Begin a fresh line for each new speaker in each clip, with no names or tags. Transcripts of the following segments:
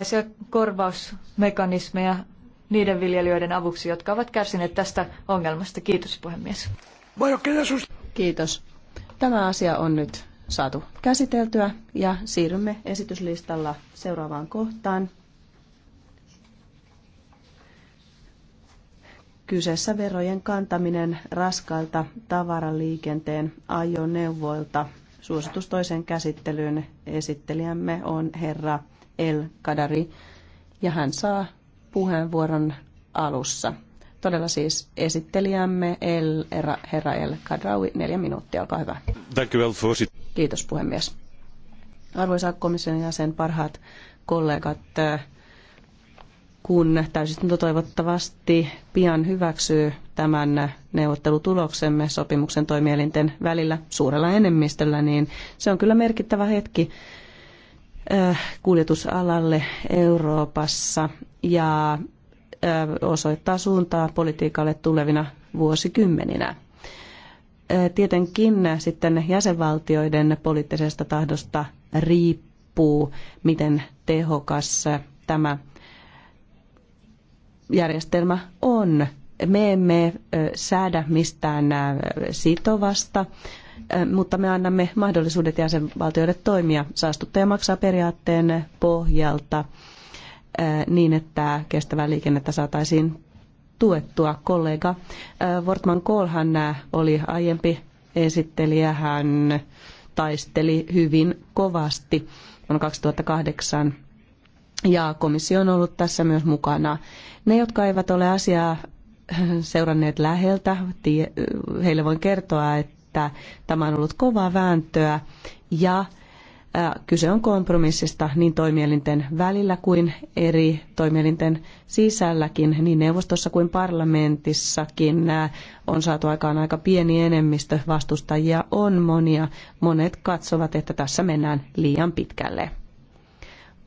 erilaisia korvausmekanismeja niiden viljelijöiden avuksi, jotka ovat kärsineet tästä ongelmasta. Kiitos puhemies.
Kiitos. Tämä asia on nyt saatu käsiteltyä ja siirrymme esityslistalla seuraavaan kohtaan. Kyseessä verojen kantaminen raskailta tavaraliikenteen ajoneuvoilta. Suositus toisen käsittelyyn esittelijämme on herra El-Kadari ja hän saa puheenvuoron alussa. Todella siis esittelijämme El, herra, herra El Kadrawi, neljä minuuttia, olkaa hyvä. Kiitos puhemies. Arvoisa komission jäsen, parhaat kollegat, äh, kun täysistunto toivottavasti pian hyväksyy tämän neuvottelutuloksemme sopimuksen toimielinten välillä suurella enemmistöllä, niin se on kyllä merkittävä hetki kuljetusalalle Euroopassa ja osoittaa suuntaa politiikalle tulevina vuosikymmeninä. Tietenkin sitten jäsenvaltioiden poliittisesta tahdosta riippuu, miten tehokas tämä järjestelmä on. Me emme säädä mistään sitovasta mutta me annamme mahdollisuudet jäsenvaltioille toimia saastuttaja maksaa periaatteen pohjalta niin, että kestävää liikennettä saataisiin tuettua. Kollega Wortman Koolhan oli aiempi esittelijä, hän taisteli hyvin kovasti vuonna 2008 ja komissio on ollut tässä myös mukana. Ne, jotka eivät ole asiaa seuranneet läheltä, heille voin kertoa, että että Tämä on ollut kovaa vääntöä ja kyse on kompromissista niin toimielinten välillä kuin eri toimielinten sisälläkin, niin neuvostossa kuin parlamentissakin on saatu aikaan aika pieni enemmistö. Vastustajia on monia. Monet katsovat, että tässä mennään liian pitkälle.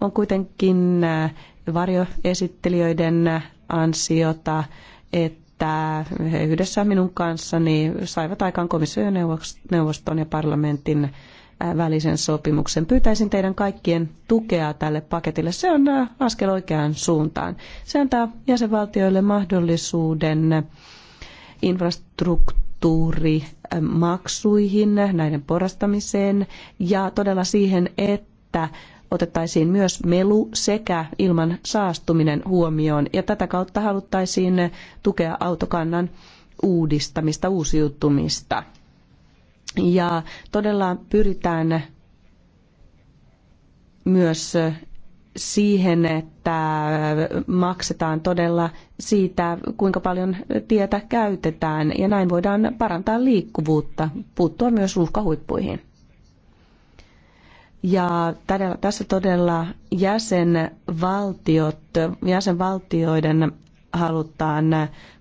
On kuitenkin varjoesittelijöiden ansiota, että että he yhdessä minun kanssani saivat aikaan komission neuvoston ja parlamentin äh, välisen sopimuksen. Pyytäisin teidän kaikkien tukea tälle paketille. Se on äh, askel oikeaan suuntaan. Se antaa jäsenvaltioille mahdollisuuden äh, infrastruktuurimaksuihin, näiden porastamiseen ja todella siihen, että otettaisiin myös melu sekä ilman saastuminen huomioon ja tätä kautta haluttaisiin tukea autokannan uudistamista, uusiutumista. Ja todella pyritään myös siihen, että maksetaan todella siitä, kuinka paljon tietä käytetään ja näin voidaan parantaa liikkuvuutta, puuttua myös ruuhkahuippuihin. Ja tässä todella jäsenvaltiot, jäsenvaltioiden halutaan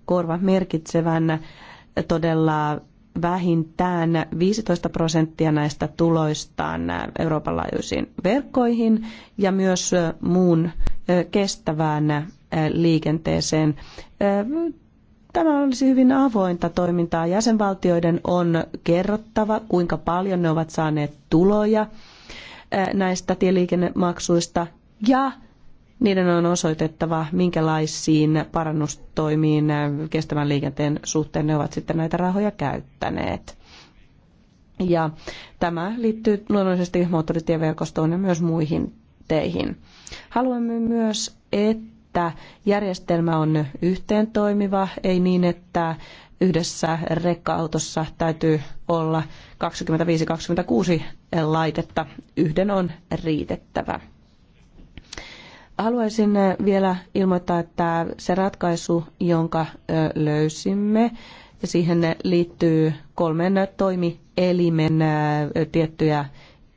korva merkitsevän todella vähintään 15 prosenttia näistä tuloistaan Euroopan laajuisiin verkkoihin ja myös muun kestävään liikenteeseen. Tämä olisi hyvin avointa toimintaa. Jäsenvaltioiden on kerrottava, kuinka paljon ne ovat saaneet tuloja – näistä tieliikennemaksuista ja niiden on osoitettava, minkälaisiin parannustoimiin kestävän liikenteen suhteen ne ovat sitten näitä rahoja käyttäneet. Ja tämä liittyy luonnollisesti moottoritieverkostoon ja myös muihin teihin. Haluamme myös, että järjestelmä on yhteen toimiva, ei niin, että yhdessä rekka-autossa täytyy olla 25-26 laitetta. Yhden on riitettävä. Haluaisin eh, vielä ilmoittaa, että se ratkaisu, jonka eh, löysimme, siihen liittyy kolmen toimielimen eh, tiettyjä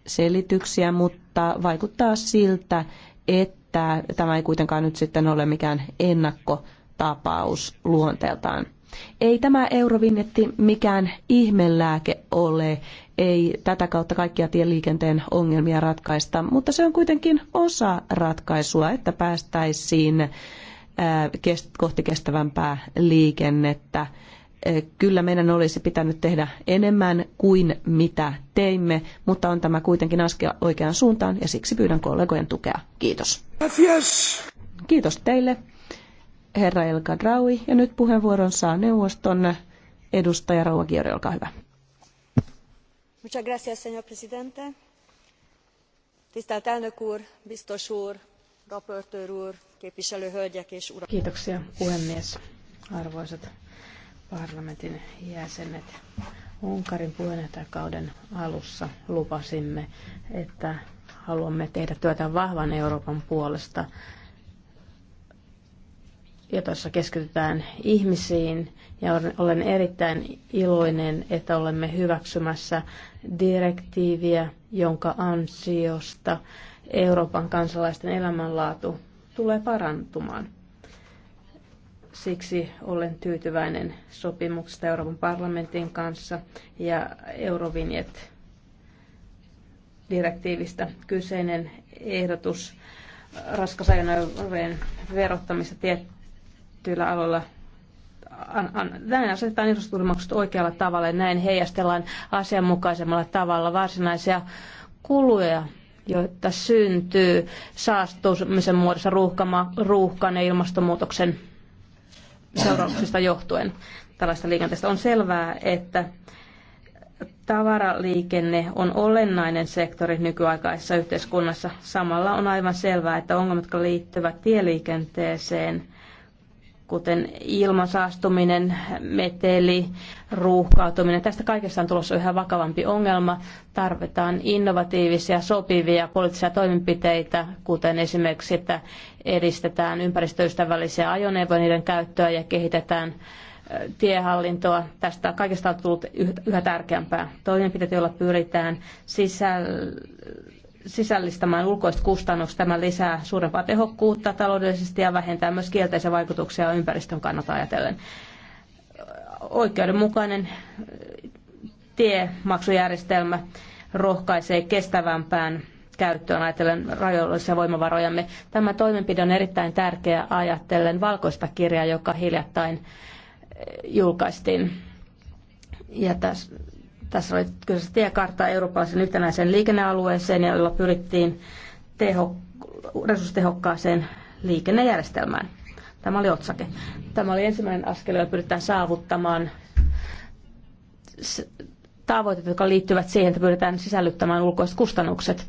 selityksiä, mutta vaikuttaa siltä, että tämä ei kuitenkaan nyt sitten ole mikään ennakkotapaus luonteeltaan. Ei tämä eurovinnetti mikään ihmelääke ole, ei tätä kautta kaikkia tieliikenteen ongelmia ratkaista, mutta se on kuitenkin osa ratkaisua, että päästäisiin äh, kohti kestävämpää liikennettä. Äh, kyllä meidän olisi pitänyt tehdä enemmän kuin mitä teimme, mutta on tämä kuitenkin askel oikeaan suuntaan ja siksi pyydän kollegojen tukea. Kiitos. Kiitos teille herra El Ja nyt puheenvuoron saa neuvoston edustaja Rouva Giori, olkaa hyvä.
Muchas gracias, señor presidente. Tisztelt elnök úr, biztos úr, raportőr úr, és urak. Kiitoksia puhemies, arvoisat parlamentin jäsenet. Unkarin puheenjohtajakauden alussa lupasimme, että haluamme tehdä työtä vahvan Euroopan puolesta jossa keskitytään ihmisiin. Ja olen erittäin iloinen, että olemme hyväksymässä direktiiviä, jonka ansiosta Euroopan kansalaisten elämänlaatu tulee parantumaan. Siksi olen tyytyväinen sopimuksesta Euroopan parlamentin kanssa ja Eurovinjet direktiivistä. Kyseinen ehdotus raskasajoneuvojen verottamista tiettyyn tietyillä aloilla näin asetetaan infrastruktuurimaksut oikealla tavalla ja näin heijastellaan asianmukaisemmalla tavalla varsinaisia kuluja, joita syntyy saastumisen muodossa ruuhkama, ruuhkan ja ilmastonmuutoksen seurauksista johtuen. Tällaista liikenteestä on selvää, että tavaraliikenne on olennainen sektori nykyaikaisessa yhteiskunnassa. Samalla on aivan selvää, että ongelmat, jotka liittyvät tieliikenteeseen, kuten ilmansaastuminen, meteli, ruuhkautuminen. Tästä kaikesta on tulossa yhä vakavampi ongelma. Tarvitaan innovatiivisia, sopivia poliittisia toimenpiteitä, kuten esimerkiksi, että edistetään ympäristöystävällisiä ajoneuvoja, niiden käyttöä ja kehitetään tiehallintoa. Tästä kaikesta on tullut yhä tärkeämpää. toimenpiteitä, joilla pyritään sisällä sisällistämään ulkoista kustannukset. Tämä lisää suurempaa tehokkuutta taloudellisesti ja vähentää myös kielteisiä vaikutuksia ympäristön kannalta ajatellen. Oikeudenmukainen tiemaksujärjestelmä rohkaisee kestävämpään käyttöön ajatellen rajoillisia voimavarojamme. Tämä toimenpide on erittäin tärkeä ajatellen valkoista kirjaa, joka hiljattain julkaistiin. Ja tässä tässä oli kyseessä tiekartta eurooppalaisen yhtenäiseen liikennealueeseen, jolla pyrittiin teho, resurssitehokkaaseen liikennejärjestelmään. Tämä oli otsake. Tämä oli ensimmäinen askel, jolla pyritään saavuttamaan tavoitteet, jotka liittyvät siihen, että pyritään sisällyttämään ulkoiset kustannukset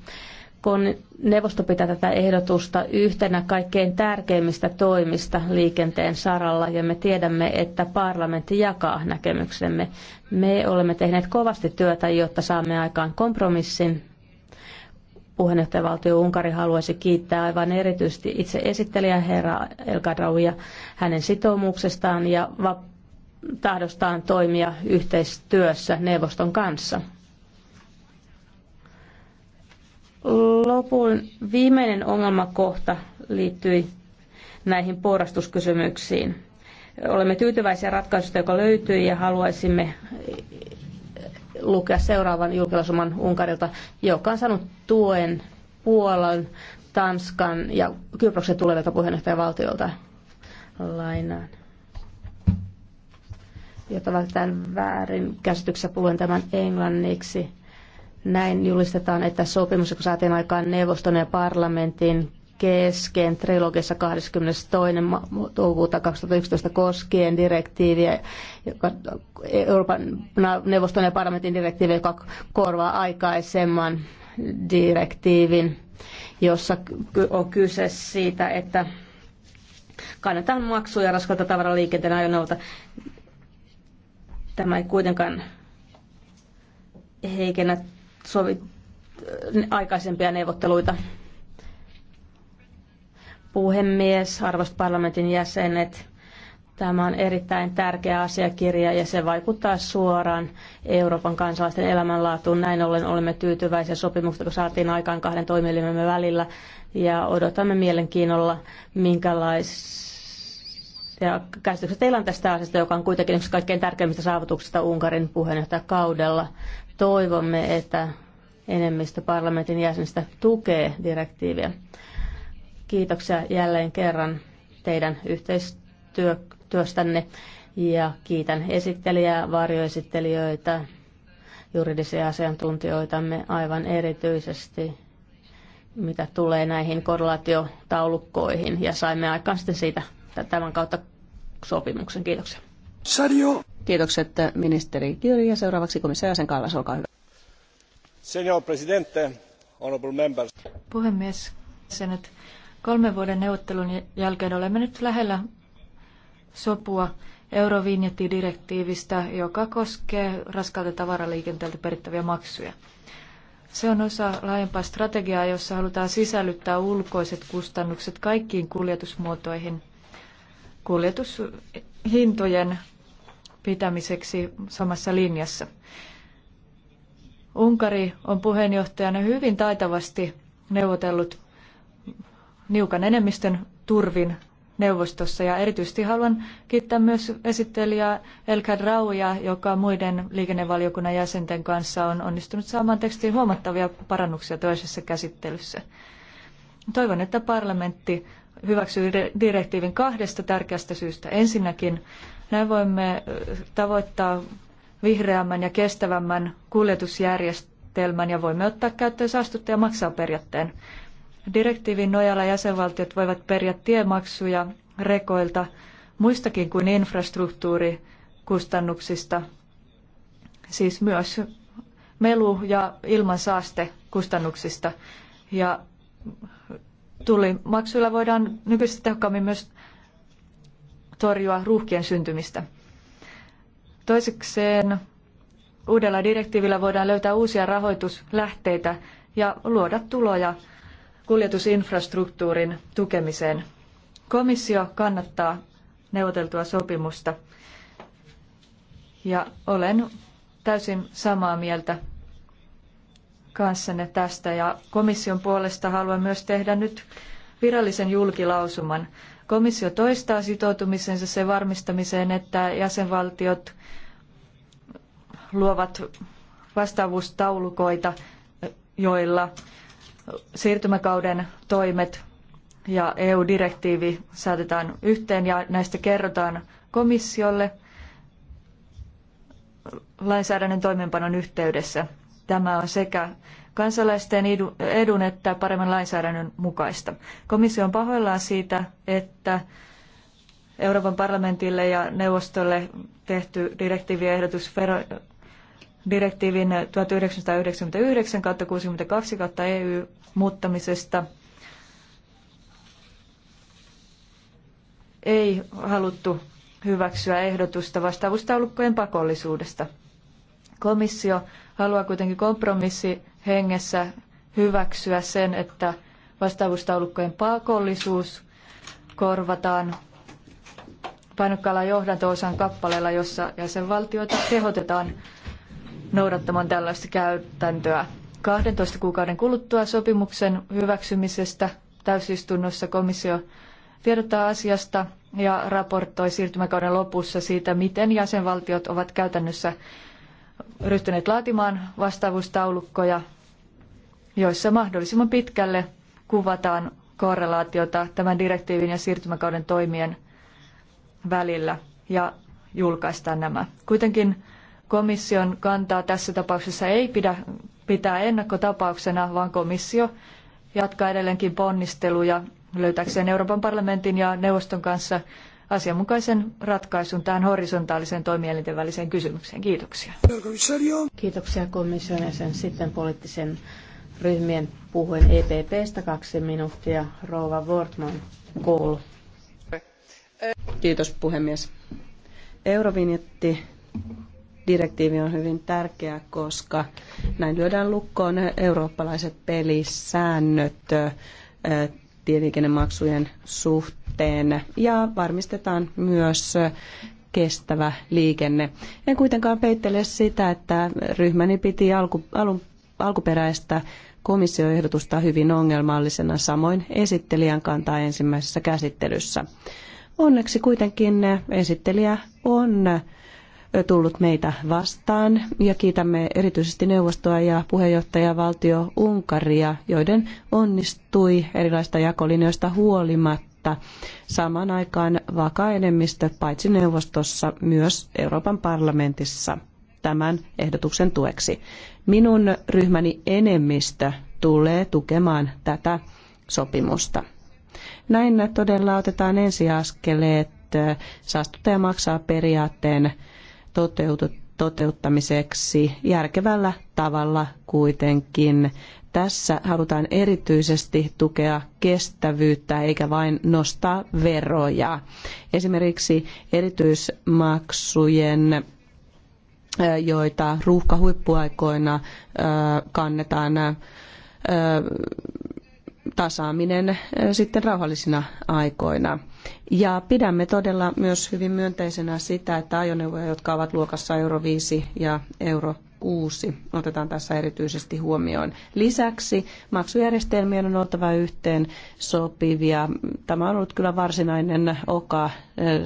kun neuvosto pitää tätä ehdotusta yhtenä kaikkein tärkeimmistä toimista liikenteen saralla ja me tiedämme, että parlamentti jakaa näkemyksemme. Me olemme tehneet kovasti työtä, jotta saamme aikaan kompromissin. Puheenjohtajavaltio Unkari haluaisi kiittää aivan erityisesti itse esittelijä herra Elkadrauja hänen sitoumuksestaan ja tahdostaan toimia yhteistyössä neuvoston kanssa. Lopun viimeinen ongelmakohta liittyi näihin porrastuskysymyksiin. Olemme tyytyväisiä ratkaisusta, joka löytyi ja haluaisimme lukea seuraavan julkilausuman Unkarilta, joka on saanut tuen Puolan, Tanskan ja Kyproksen tulevilta puheenjohtajavaltioilta lainaan. Jotta vältetään väärin käsityksessä, puhuen tämän englanniksi. Näin julistetaan, että sopimus, joka saatiin aikaan neuvoston ja parlamentin kesken trilogissa 22. toukokuuta 2011 koskien direktiiviä, joka Euroopan neuvoston ja parlamentin direktiivi, joka korvaa aikaisemman direktiivin, jossa on kyse siitä, että kannetaan maksuja raskalta liikenteen ajoneuvolta. Tämä ei kuitenkaan heikennä sovit, aikaisempia neuvotteluita. Puhemies, arvoisat parlamentin jäsenet, tämä on erittäin tärkeä asiakirja ja se vaikuttaa suoraan Euroopan kansalaisten elämänlaatuun. Näin ollen olemme tyytyväisiä sopimuksesta, kun saatiin aikaan kahden toimielimemme välillä ja odotamme mielenkiinnolla, minkälaisia ja teillä on tästä asiasta, joka on kuitenkin yksi kaikkein tärkeimmistä saavutuksista Unkarin puheenjohtajakaudella. Toivomme, että enemmistö parlamentin jäsenistä tukee direktiiviä. Kiitoksia jälleen kerran teidän yhteistyöstänne ja kiitän esittelijää, varjoesittelijöitä, juridisia asiantuntijoitamme aivan erityisesti, mitä tulee näihin korrelaatiotaulukkoihin ja saimme aikaan sitten siitä tämän kautta sopimuksen. Kiitoksia. Sadio. Kiitokset ministeri Kirja. ja seuraavaksi komissio sen Kallas, olkaa
hyvä. presidente, honorable members.
Puhemies, senet. Kolmen vuoden neuvottelun jälkeen olemme nyt lähellä sopua Eurovinjettidirektiivistä, joka koskee raskaalta tavaraliikenteeltä perittäviä maksuja. Se on osa laajempaa strategiaa, jossa halutaan sisällyttää ulkoiset kustannukset kaikkiin kuljetusmuotoihin kuljetushintojen pitämiseksi samassa linjassa. Unkari on puheenjohtajana hyvin taitavasti neuvotellut niukan enemmistön turvin neuvostossa ja erityisesti haluan kiittää myös esittelijää Elka Rauja, joka muiden liikennevaliokunnan jäsenten kanssa on onnistunut saamaan tekstiin huomattavia parannuksia toisessa käsittelyssä. Toivon, että parlamentti hyväksyy direktiivin kahdesta tärkeästä syystä. Ensinnäkin näin voimme tavoittaa vihreämmän ja kestävämmän kuljetusjärjestelmän ja voimme ottaa käyttöön saastuttaja maksaa periaatteen. Direktiivin nojalla jäsenvaltiot voivat periä tiemaksuja rekoilta muistakin kuin infrastruktuurikustannuksista, siis myös melu- ja ilmansaastekustannuksista. Ja tullimaksuilla voidaan nykyistä tehokkaammin myös torjua ruuhkien syntymistä. Toisekseen uudella direktiivillä voidaan löytää uusia rahoituslähteitä ja luoda tuloja kuljetusinfrastruktuurin tukemiseen. Komissio kannattaa neuvoteltua sopimusta ja olen täysin samaa mieltä kanssanne tästä ja komission puolesta haluan myös tehdä nyt virallisen julkilausuman. Komissio toistaa sitoutumisensa sen varmistamiseen, että jäsenvaltiot luovat vastaavuustaulukoita, joilla siirtymäkauden toimet ja EU-direktiivi saatetaan yhteen ja näistä kerrotaan komissiolle lainsäädännön toimeenpanon yhteydessä. Tämä on sekä kansalaisten edun että paremman lainsäädännön mukaista. Komissio on pahoillaan siitä, että Euroopan parlamentille ja neuvostolle tehty direktiiviehdotus direktiivin 1999-62 EU muuttamisesta ei haluttu hyväksyä ehdotusta vastaavuustaulukkojen pakollisuudesta. Komissio haluaa kuitenkin kompromissi hengessä hyväksyä sen, että vastaavuustaulukkojen pakollisuus korvataan painokkaalla johdanto-osan kappaleella, jossa jäsenvaltioita kehotetaan noudattamaan tällaista käytäntöä. 12 kuukauden kuluttua sopimuksen hyväksymisestä täysistunnossa komissio tiedottaa asiasta ja raportoi siirtymäkauden lopussa siitä, miten jäsenvaltiot ovat käytännössä ryhtyneet laatimaan vastaavuustaulukkoja, joissa mahdollisimman pitkälle kuvataan korrelaatiota tämän direktiivin ja siirtymäkauden toimien välillä ja julkaistaan nämä. Kuitenkin komission kantaa tässä tapauksessa ei pidä pitää ennakkotapauksena, vaan komissio jatkaa edelleenkin ponnisteluja löytääkseen Euroopan parlamentin ja neuvoston kanssa asianmukaisen ratkaisun tähän horisontaaliseen toimielinten
väliseen kysymykseen. Kiitoksia. Kiitoksia komission jäsen. Sitten poliittisen ryhmien puhuen EPPstä kaksi minuuttia. Rouva Wortman,
koulu. Kiitos puhemies. Eurovinjetti direktiivi on hyvin tärkeä, koska näin lyödään lukkoon eurooppalaiset pelisäännöt eh, tieliikennemaksujen suhteen liikenteen ja varmistetaan myös kestävä liikenne. En kuitenkaan peittele sitä, että ryhmäni piti alku, alun, alkuperäistä komissioehdotusta hyvin ongelmallisena, samoin esittelijän kantaa ensimmäisessä käsittelyssä. Onneksi kuitenkin esittelijä on tullut meitä vastaan ja kiitämme erityisesti neuvostoa ja puheenjohtajavaltio Unkaria, joiden onnistui erilaista jakolinjoista huolimatta mutta samaan aikaan vakaa enemmistö paitsi neuvostossa myös Euroopan parlamentissa tämän ehdotuksen tueksi. Minun ryhmäni enemmistö tulee tukemaan tätä sopimusta. Näin todella otetaan ensiaskeleet saastuttaja maksaa periaatteen toteuttamiseksi järkevällä tavalla kuitenkin tässä halutaan erityisesti tukea kestävyyttä eikä vain nostaa veroja. Esimerkiksi erityismaksujen joita ruuhkahuippuaikoina kannetaan tasaaminen sitten rauhallisina aikoina. Ja pidämme todella myös hyvin myönteisenä sitä, että ajoneuvoja, jotka ovat luokassa Euro 5 ja Euro 6 otetaan tässä erityisesti huomioon. Lisäksi maksujärjestelmien on oltava yhteen sopivia. Tämä on ollut kyllä varsinainen oka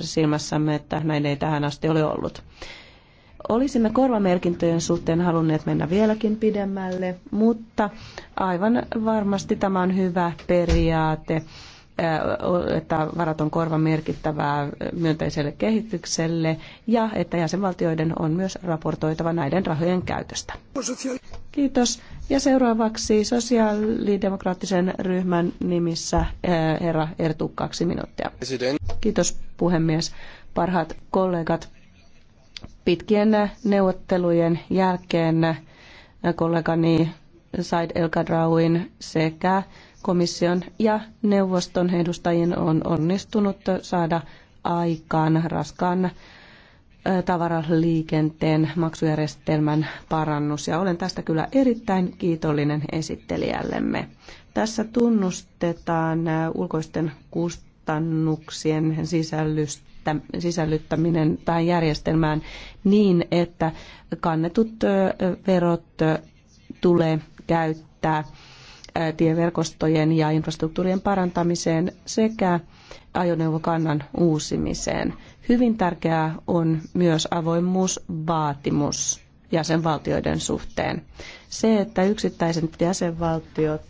silmässämme, että näin ei tähän asti ole ollut. Olisimme korvamerkintöjen suhteen halunneet mennä vieläkin pidemmälle, mutta aivan varmasti tämä on hyvä periaate että varat on korva merkittävää myönteiselle kehitykselle ja että jäsenvaltioiden on myös raportoitava näiden rahojen käytöstä. Kiitos. Ja seuraavaksi sosiaalidemokraattisen ryhmän nimissä herra Ertu kaksi minuuttia. Kiitos puhemies. Parhaat kollegat, pitkien neuvottelujen jälkeen kollegani Said El sekä komission ja neuvoston edustajien on onnistunut saada aikaan raskaan tavaraliikenteen maksujärjestelmän parannus ja olen tästä kyllä erittäin kiitollinen esittelijällemme. Tässä tunnustetaan ulkoisten kustannuksien sisällyttäminen tähän järjestelmään niin, että kannetut verot tulee käyttää tieverkostojen ja infrastruktuurien parantamiseen sekä ajoneuvokannan uusimiseen. Hyvin tärkeää on myös avoimuusvaatimus jäsenvaltioiden suhteen. Se, että yksittäiset jäsenvaltiot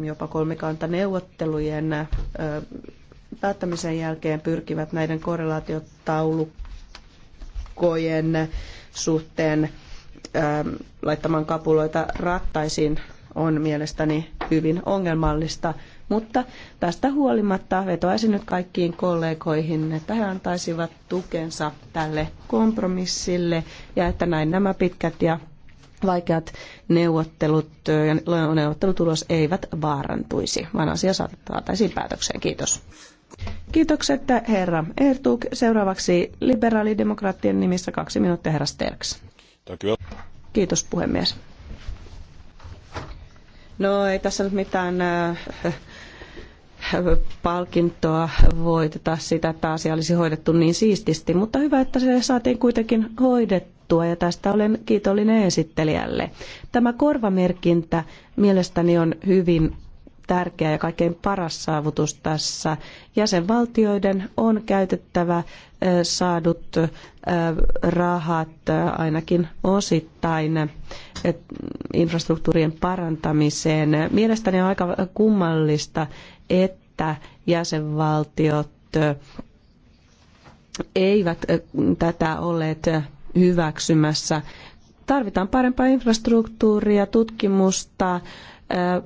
jopa kolmikantaneuvottelujen päättämisen jälkeen pyrkivät näiden korrelaatiotaulukkojen suhteen laittamaan kapuloita rattaisiin on mielestäni hyvin ongelmallista. Mutta tästä huolimatta vetoaisin nyt kaikkiin kollegoihin, että he antaisivat tukensa tälle kompromissille ja että näin nämä pitkät ja vaikeat neuvottelut ja neuvottelutulos eivät vaarantuisi, vaan asia saataisiin päätökseen. Kiitos. Kiitokset herra Ertug. Seuraavaksi liberaalidemokraattien nimissä kaksi minuuttia herra Sterks. Kiitos puhemies. No ei tässä nyt mitään äh, palkintoa voiteta sitä, että asia olisi hoidettu niin siististi, mutta hyvä, että se saatiin kuitenkin hoidettua ja tästä olen kiitollinen esittelijälle. Tämä korvamerkintä mielestäni on hyvin tärkeä ja kaikkein paras saavutus tässä. Jäsenvaltioiden on käytettävä saadut rahat ainakin osittain infrastruktuurien parantamiseen. Mielestäni on aika kummallista, että jäsenvaltiot eivät tätä olleet hyväksymässä. Tarvitaan parempaa infrastruktuuria, tutkimusta,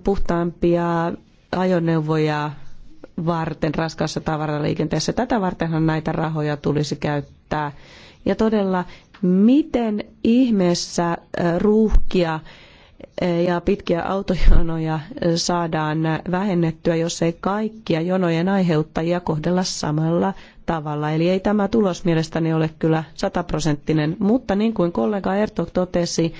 puhtaampia ajoneuvoja, varten raskaassa tavaraliikenteessä. Tätä vartenhan näitä rahoja tulisi käyttää. Ja todella, miten ihmeessä ruuhkia ja pitkiä autojonoja saadaan vähennettyä, jos ei kaikkia jonojen aiheuttajia kohdella samalla tavalla. Eli ei tämä tulos mielestäni ole kyllä sataprosenttinen, mutta niin kuin kollega Ertok totesi,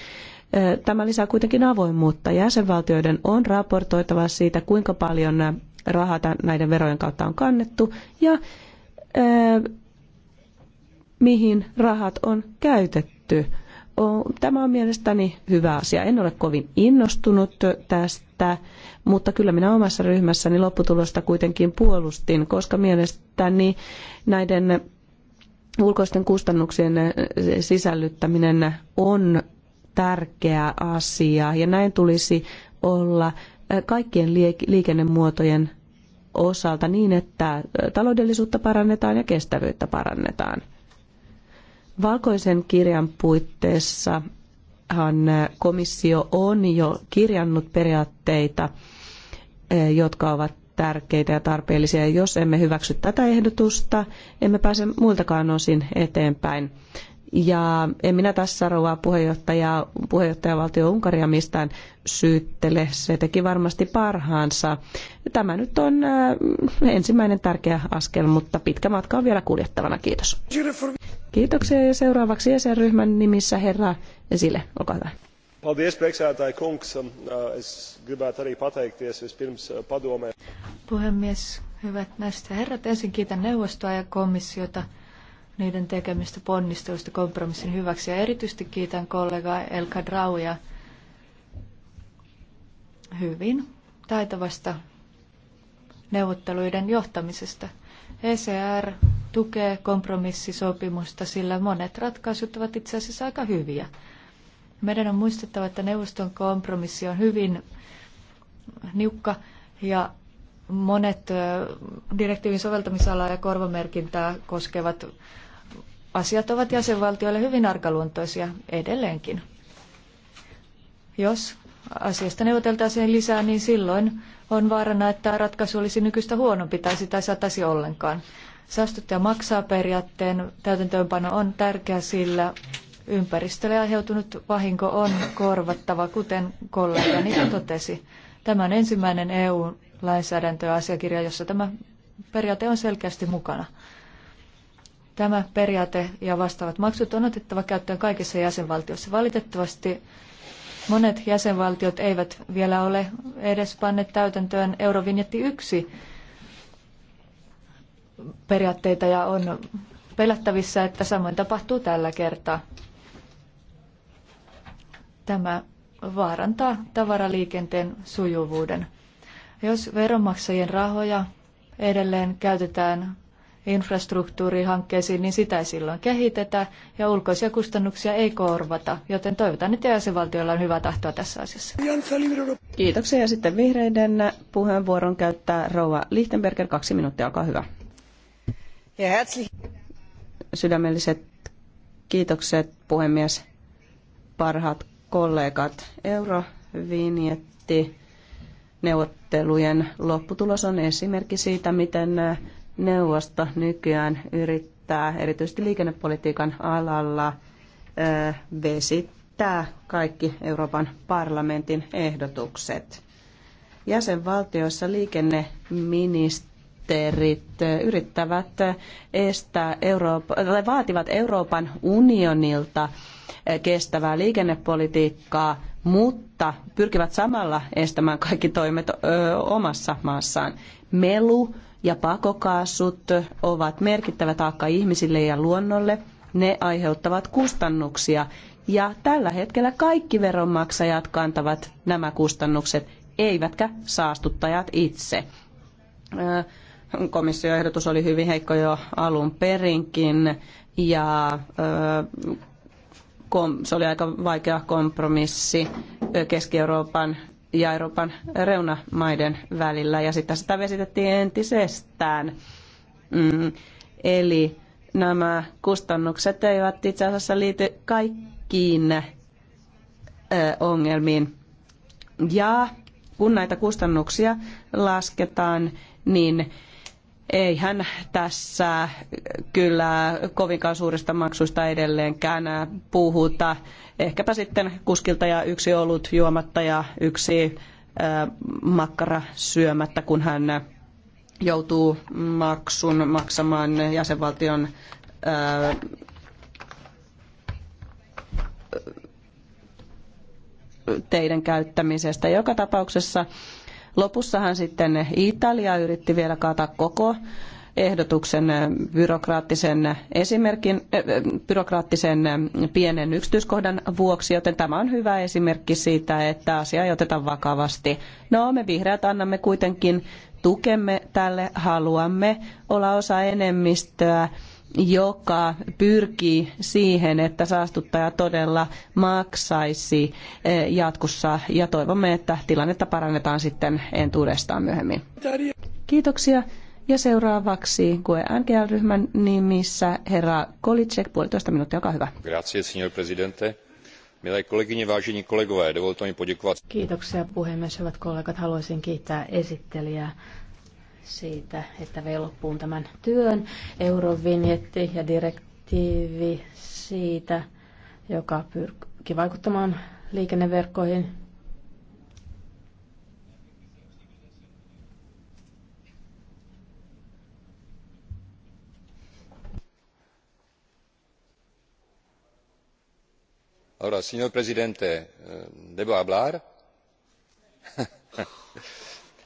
Tämä lisää kuitenkin avoimuutta. Jäsenvaltioiden on raportoitava siitä, kuinka paljon rahaa näiden verojen kautta on kannettu ja ää, mihin rahat on käytetty. Tämä on mielestäni hyvä asia. En ole kovin innostunut tästä, mutta kyllä minä omassa ryhmässäni lopputulosta kuitenkin puolustin, koska mielestäni näiden ulkoisten kustannuksien sisällyttäminen on tärkeä asia ja näin tulisi olla kaikkien liikennemuotojen osalta niin, että taloudellisuutta parannetaan ja kestävyyttä parannetaan. Valkoisen kirjan puitteissa komissio on jo kirjannut periaatteita, jotka ovat tärkeitä ja tarpeellisia. Jos emme hyväksy tätä ehdotusta, emme pääse muiltakaan osin eteenpäin. Ja en minä tässä rouva puheenjohtaja, puheenjohtajavaltio Unkaria mistään syyttele. Se teki varmasti parhaansa. Tämä nyt on äh, ensimmäinen tärkeä askel, mutta pitkä matka on vielä kuljettavana. Kiitos. Kiitoksia ja seuraavaksi jäsenryhmän nimissä herra Esile. Olkaa hyvä.
Paldies, priekšsēdētāji kungs. Es gribētu arī pateikties vispirms padomē.
Puhemies, hyvät näistä herrat. Ensin kiitän neuvostoa ja komissiota niiden tekemistä ponnisteluista kompromissin hyväksi. Ja erityisesti kiitän kollegaa Elka Drauja hyvin taitavasta neuvotteluiden johtamisesta. ECR tukee kompromissisopimusta, sillä monet ratkaisut ovat itse asiassa aika hyviä. Meidän on muistettava, että neuvoston kompromissi on hyvin niukka ja monet direktiivin soveltamisalaa ja korvamerkintää koskevat asiat ovat jäsenvaltioille hyvin arkaluontoisia edelleenkin. Jos asiasta neuvoteltaisiin lisää, niin silloin on vaarana, että ratkaisu olisi nykyistä huonompi tai sitä ei saataisi ollenkaan. Saastuttaja maksaa periaatteen täytäntöönpano on tärkeä, sillä ympäristölle aiheutunut vahinko on korvattava, kuten kollegani totesi. Tämä on ensimmäinen EU-lainsäädäntöasiakirja, jossa tämä periaate on selkeästi mukana. Tämä periaate ja vastaavat maksut on otettava käyttöön kaikissa jäsenvaltioissa. Valitettavasti monet jäsenvaltiot eivät vielä ole edes panneet täytäntöön Eurovinjetti 1 periaatteita ja on pelättävissä, että samoin tapahtuu tällä kertaa. Tämä vaarantaa tavaraliikenteen sujuvuuden. Jos veronmaksajien rahoja edelleen käytetään infrastruktuurihankkeisiin, niin sitä ei silloin kehitetä ja ulkoisia kustannuksia ei korvata, joten toivotan, että jäsenvaltioilla on hyvää tahtoa tässä asiassa.
Kiitoksia ja sitten vihreiden puheenvuoron käyttää Rouva Lichtenberger. Kaksi minuuttia, olkaa hyvä. Sydämelliset kiitokset puhemies, parhaat kollegat. Eurovinjetti neuvottelujen lopputulos on esimerkki siitä, miten neuvosto nykyään yrittää erityisesti liikennepolitiikan alalla vesittää kaikki Euroopan parlamentin ehdotukset. Jäsenvaltioissa liikenneministerit yrittävät estää Euroopan tai vaativat Euroopan unionilta kestävää liikennepolitiikkaa, mutta pyrkivät samalla estämään kaikki toimet omassa maassaan. Melu ja pakokaasut ovat merkittävä taakka ihmisille ja luonnolle. Ne aiheuttavat kustannuksia ja tällä hetkellä kaikki veronmaksajat kantavat nämä kustannukset, eivätkä saastuttajat itse. Komissioehdotus oli hyvin heikko jo alun perinkin ja se oli aika vaikea kompromissi Keski-Euroopan ja Euroopan reunamaiden välillä ja sitten sitä vesitettiin entisestään. Mm, eli nämä kustannukset eivät itse asiassa liity kaikkiin ö, ongelmiin. Ja kun näitä kustannuksia lasketaan, niin eihän tässä kyllä kovinkaan suurista maksuista edelleenkään puhuta. Ehkäpä sitten kuskilta ja yksi ollut juomatta ja yksi makkara syömättä, kun hän joutuu maksun maksamaan jäsenvaltion teiden käyttämisestä. Joka tapauksessa Lopussahan sitten Italia yritti vielä kaataa koko ehdotuksen byrokraattisen esimerkin, byrokraattisen pienen yksityiskohdan vuoksi, joten tämä on hyvä esimerkki siitä, että asia ei oteta vakavasti. No, me vihreät annamme kuitenkin tukemme tälle, haluamme olla osa enemmistöä joka pyrkii siihen, että saastuttaja todella maksaisi eh, jatkossa ja toivomme, että tilannetta parannetaan sitten entuudestaan myöhemmin. Kiitoksia. Ja seuraavaksi GUE NGL-ryhmän nimissä herra Kolicek, puolitoista minuuttia, olkaa hyvä.
Grazie, signor presidente. Milé kolegyně, vážení kolegové, dovolte mi poděkovat.
Kiitoksia puhemies, hyvät kollegat. Haluaisin kiittää esittelijää siitä, että vei loppuun tämän työn. Eurovinjetti ja direktiivi siitä, joka pyrki vaikuttamaan liikenneverkkoihin.
Ahora, señor presidente, eh, ¿debo hablar?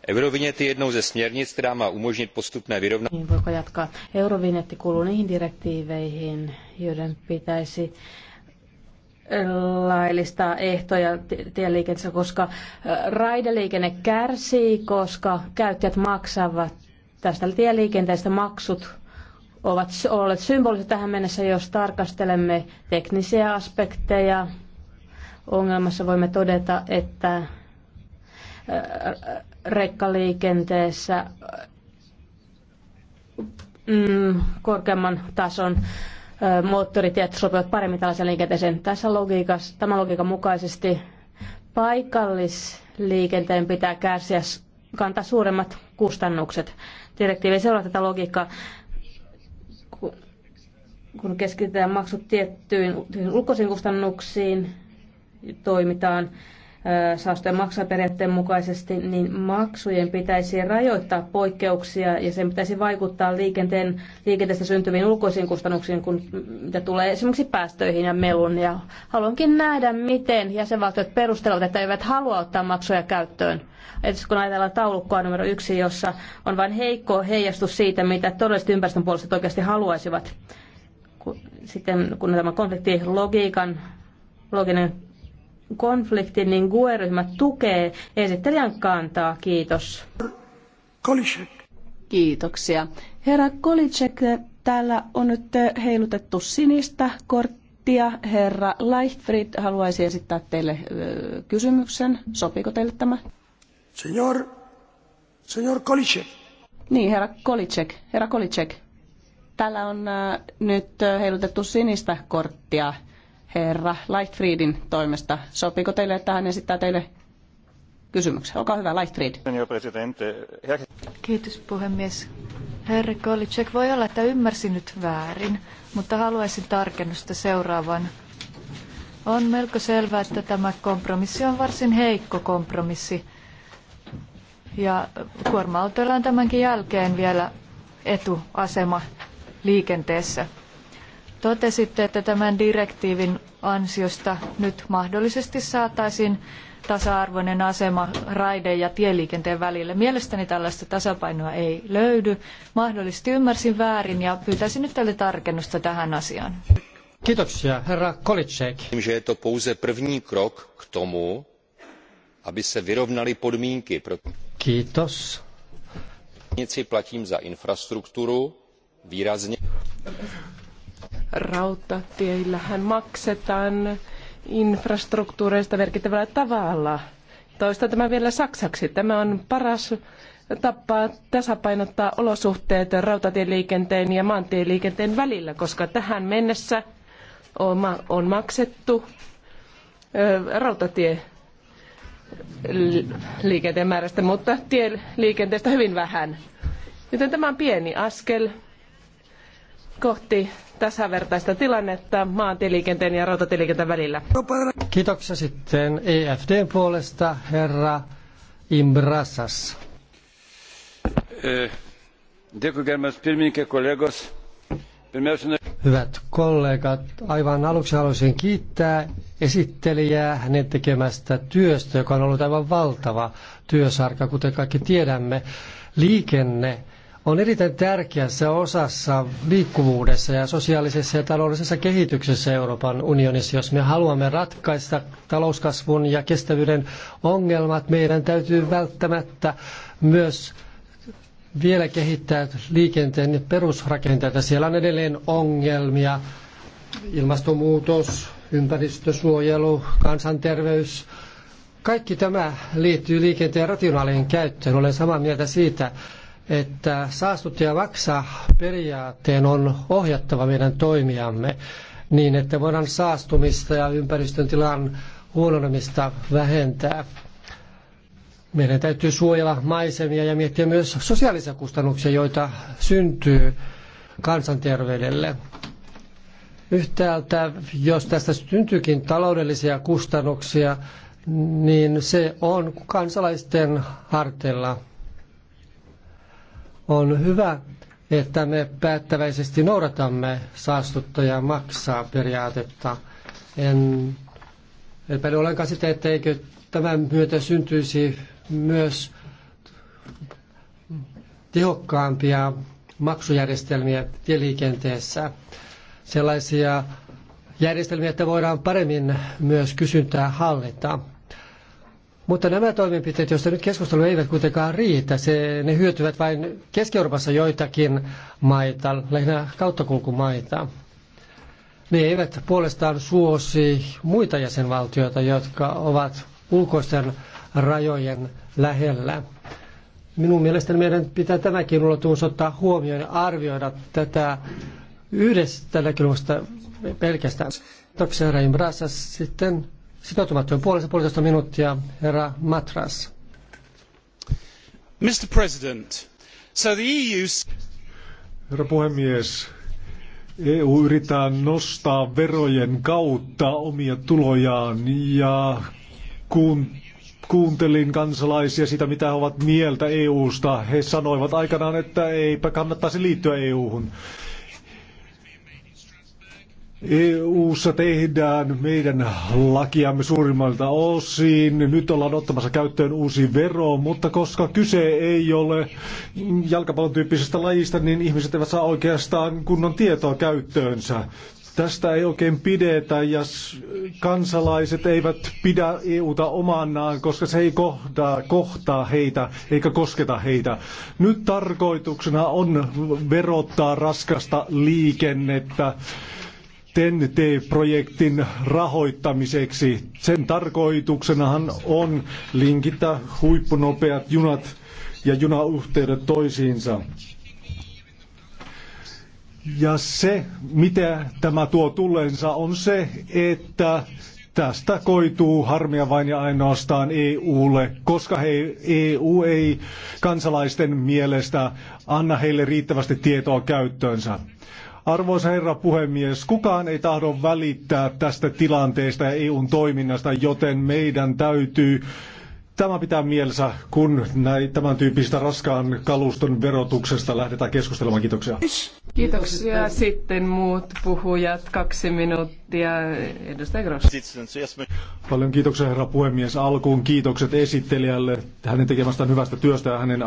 Eurovinjet je jednou ze směrnic, která má umožnit postupné vyrovnání. Niin,
voiko jatkaa? Eurovinjetti kuuluu niihin direktiiveihin, joiden pitäisi laillistaa ehtoja tieliikenteessä, koska raideliikenne kärsii, koska käyttäjät maksavat tästä tieliikenteestä maksut ovat olleet symboliset tähän mennessä, jos tarkastelemme teknisiä aspekteja. Ongelmassa voimme todeta, että rekkaliikenteessä mm, korkeamman tason moottoritiet sopivat paremmin tällaisen liikenteeseen. Tässä logiikassa, tämän logiikan mukaisesti paikallisliikenteen pitää kärsiä kantaa suuremmat kustannukset. Direktiivi seuraa tätä logiikkaa, kun keskitetään maksut tiettyihin ulkoisiin kustannuksiin, toimitaan saastojen maksaperiaatteen mukaisesti, niin maksujen pitäisi rajoittaa poikkeuksia ja sen pitäisi vaikuttaa liikenteen, liikenteestä syntyviin ulkoisiin kustannuksiin, kun mitä tulee esimerkiksi päästöihin ja melun. Ja haluankin nähdä, miten jäsenvaltiot perustelevat, että eivät halua ottaa maksuja käyttöön. Eli kun ajatellaan taulukkoa numero yksi, jossa on vain heikko heijastus siitä, mitä todelliset ympäristön puolesta oikeasti haluaisivat. Sitten kun tämä konflikti loginen konfliktin, niin GUE-ryhmä tukee esittelijän kantaa. Kiitos. Kolicek. Kiitoksia. Herra
Kolicek, täällä on nyt heilutettu sinistä korttia. Herra Leichtfried haluaisi esittää teille kysymyksen. Sopiiko teille tämä?
Senor, senor Kolicek.
Niin, herra Kolicek. Herra Kolicek. Täällä on nyt heilutettu sinistä korttia herra Lightfriedin toimesta. Sopiiko teille, että hän esittää teille kysymyksen? Olkaa hyvä, Lightfried.
Kiitos puhemies. Herra Kolicek, voi olla, että ymmärsin nyt väärin, mutta haluaisin tarkennusta seuraavan. On melko selvää, että tämä kompromissi on varsin heikko kompromissi. Ja kuorma-autoilla on tämänkin jälkeen vielä etuasema liikenteessä. Totesitte, että tämän direktiivin ansiosta nyt mahdollisesti saataisiin tasa-arvoinen asema raide- ja tieliikenteen välille. Mielestäni tällaista tasapainoa ei löydy. Mahdollisesti ymmärsin väärin ja pyytäisin nyt teille tarkennusta tähän asiaan.
Kiitoksia, herra Kolicek. Že on to pouze první krok k tomu, aby se vyrovnaly podmínky. Kiitos. Platím za infrastrukturu výrazně
rautateillähän maksetaan infrastruktuureista merkittävällä tavalla. Toistan tämä vielä saksaksi. Tämä on paras tapa tasapainottaa olosuhteet rautatieliikenteen ja maantieliikenteen välillä, koska tähän mennessä on maksettu rautatie liikenteen määrästä, mutta tieliikenteestä hyvin vähän. Joten tämä on pieni askel kohti tasavertaista tilannetta maantieliikenteen ja rautatieliikenteen
välillä. Kiitoksia sitten EFD puolesta herra Imbrasas. Eh, Hyvät kollegat, aivan aluksi haluaisin kiittää esittelijää hänen tekemästä työstä, joka on ollut aivan valtava työsarka, kuten kaikki tiedämme. Liikenne on erittäin tärkeässä osassa liikkuvuudessa ja sosiaalisessa ja taloudellisessa kehityksessä Euroopan unionissa. Jos me haluamme ratkaista talouskasvun ja kestävyyden ongelmat, meidän täytyy välttämättä myös vielä kehittää liikenteen perusrakenteita. Siellä on edelleen ongelmia, ilmastonmuutos, ympäristösuojelu, kansanterveys. Kaikki tämä liittyy liikenteen rationaaliin käyttöön. Olen samaa mieltä siitä, että saastuttaja maksaa periaatteen on ohjattava meidän toimiamme niin, että voidaan saastumista ja ympäristön tilan huononemista vähentää. Meidän täytyy suojella maisemia ja miettiä myös sosiaalisia kustannuksia, joita syntyy kansanterveydelle. Yhtäältä, jos tästä syntyykin taloudellisia kustannuksia, niin se on kansalaisten harteilla. On hyvä, että me päättäväisesti noudatamme saastuttaja maksaa periaatetta. En epäile ollenkaan sitä, etteikö tämän myötä syntyisi myös tehokkaampia maksujärjestelmiä tieliikenteessä. Sellaisia järjestelmiä, että voidaan paremmin myös kysyntää hallita. Mutta nämä toimenpiteet, joista nyt keskustelu eivät kuitenkaan riitä, se, ne hyötyvät vain Keski-Euroopassa joitakin maita, lähinnä kauttakulkumaita. Ne eivät puolestaan suosi muita jäsenvaltioita, jotka ovat ulkoisten rajojen lähellä. Minun mielestäni meidän pitää tämäkin ulottuvuus ottaa huomioon ja arvioida tätä yhdestä näkökulmasta pelkästään. Kiitoksia Raim Sitten sitoutumattomien puolesta puolitoista minuuttia, herra Matras.
Mr. President, so the EU... Herra puhemies, EU yrittää nostaa verojen kautta omia tulojaan ja kun kuuntelin kansalaisia sitä, mitä he ovat mieltä EUsta, he sanoivat aikanaan, että eipä kannattaisi liittyä EUhun. EU-ssa tehdään meidän lakiamme suurimmalta osin. Nyt ollaan ottamassa käyttöön uusi vero, mutta koska kyse ei ole jalkapallon tyyppisestä lajista, niin ihmiset eivät saa oikeastaan kunnon tietoa käyttöönsä. Tästä ei oikein pidetä ja kansalaiset eivät pidä EUta omanaan, koska se ei kohtaa, kohtaa heitä eikä kosketa heitä. Nyt tarkoituksena on verottaa raskasta liikennettä. TEN-T-projektin rahoittamiseksi. Sen tarkoituksenahan on linkittää huippunopeat junat ja junayhteydet toisiinsa. Ja se, mitä tämä tuo tulleensa, on se, että tästä koituu harmia vain ja ainoastaan EUlle, koska he, EU ei kansalaisten mielestä anna heille riittävästi tietoa käyttöönsä. Arvoisa herra puhemies, kukaan ei tahdo välittää tästä tilanteesta ja EUn toiminnasta, joten meidän täytyy tämä pitää mielessä, kun näin, tämän tyyppistä raskaan kaluston verotuksesta lähdetään keskustelemaan. Kiitoksia.
Kiitoksia. Sitten muut puhujat. Kaksi minuuttia. Edustaja
Gross. Paljon kiitoksia herra puhemies. Alkuun kiitokset esittelijälle hänen tekemästään hyvästä työstä ja hänen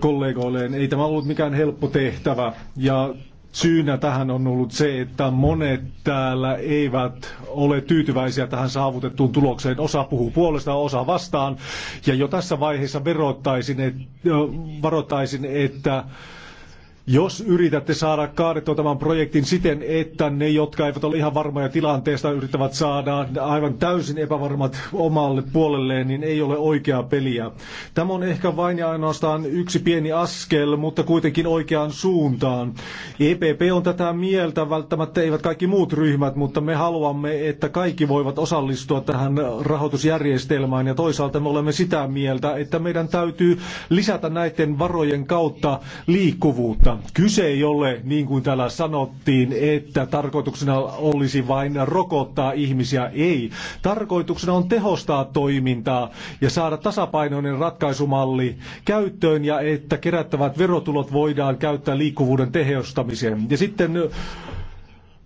kollegoilleen. Ei tämä ollut mikään helppo tehtävä. Ja Syynä tähän on ollut se, että monet täällä eivät ole tyytyväisiä tähän saavutettuun tulokseen. Osa puhuu puolesta, osa vastaan. Ja jo tässä vaiheessa verottaisin, varoittaisin, että jos yritätte saada kaadettua tämän projektin siten, että ne, jotka eivät ole ihan varmoja tilanteesta, yrittävät saada aivan täysin epävarmat omalle puolelleen, niin ei ole oikeaa peliä. Tämä on ehkä vain ja ainoastaan yksi pieni askel, mutta kuitenkin oikeaan suuntaan. EPP on tätä mieltä, välttämättä eivät kaikki muut ryhmät, mutta me haluamme, että kaikki voivat osallistua tähän rahoitusjärjestelmään ja toisaalta me olemme sitä mieltä, että meidän täytyy lisätä näiden varojen kautta liikkuvuutta kyse ei ole, niin kuin täällä sanottiin, että tarkoituksena olisi vain rokottaa ihmisiä. Ei. Tarkoituksena on tehostaa toimintaa ja saada tasapainoinen ratkaisumalli käyttöön ja että kerättävät verotulot voidaan käyttää liikkuvuuden tehostamiseen. Ja sitten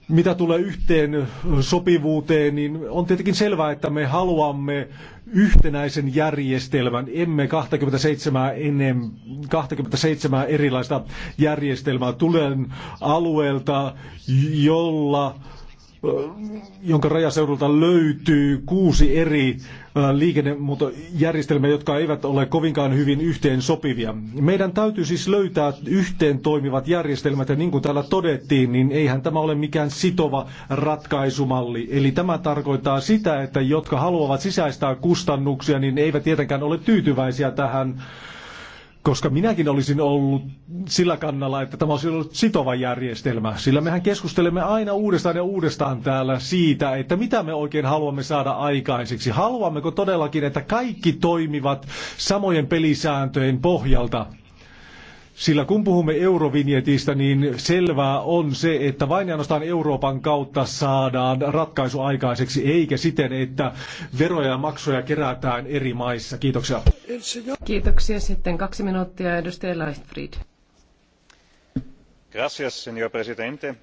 mitä tulee yhteen sopivuuteen, niin on tietenkin selvää, että me haluamme yhtenäisen järjestelmän, emme 27, ennen 27 erilaista järjestelmää. Tulen alueelta, jolla jonka rajaseudulta löytyy kuusi eri liikennemuotojärjestelmää, jotka eivät ole kovinkaan hyvin yhteen sopivia. Meidän täytyy siis löytää yhteen toimivat järjestelmät, ja niin kuin täällä todettiin, niin eihän tämä ole mikään sitova ratkaisumalli. Eli tämä tarkoittaa sitä, että jotka haluavat sisäistää kustannuksia, niin eivät tietenkään ole tyytyväisiä tähän koska minäkin olisin ollut sillä kannalla, että tämä olisi ollut sitova järjestelmä, sillä mehän keskustelemme aina uudestaan ja uudestaan täällä siitä, että mitä me oikein haluamme saada aikaiseksi. Haluammeko todellakin, että kaikki toimivat samojen pelisääntöjen pohjalta? Sillä kun puhumme eurovinjetistä, niin selvää on se, että vain ainoastaan Euroopan kautta saadaan ratkaisu aikaiseksi, eikä siten, että veroja ja maksuja kerätään eri maissa. Kiitoksia.
Kiitoksia. Sitten kaksi minuuttia edustaja
Gracias, señor presidente.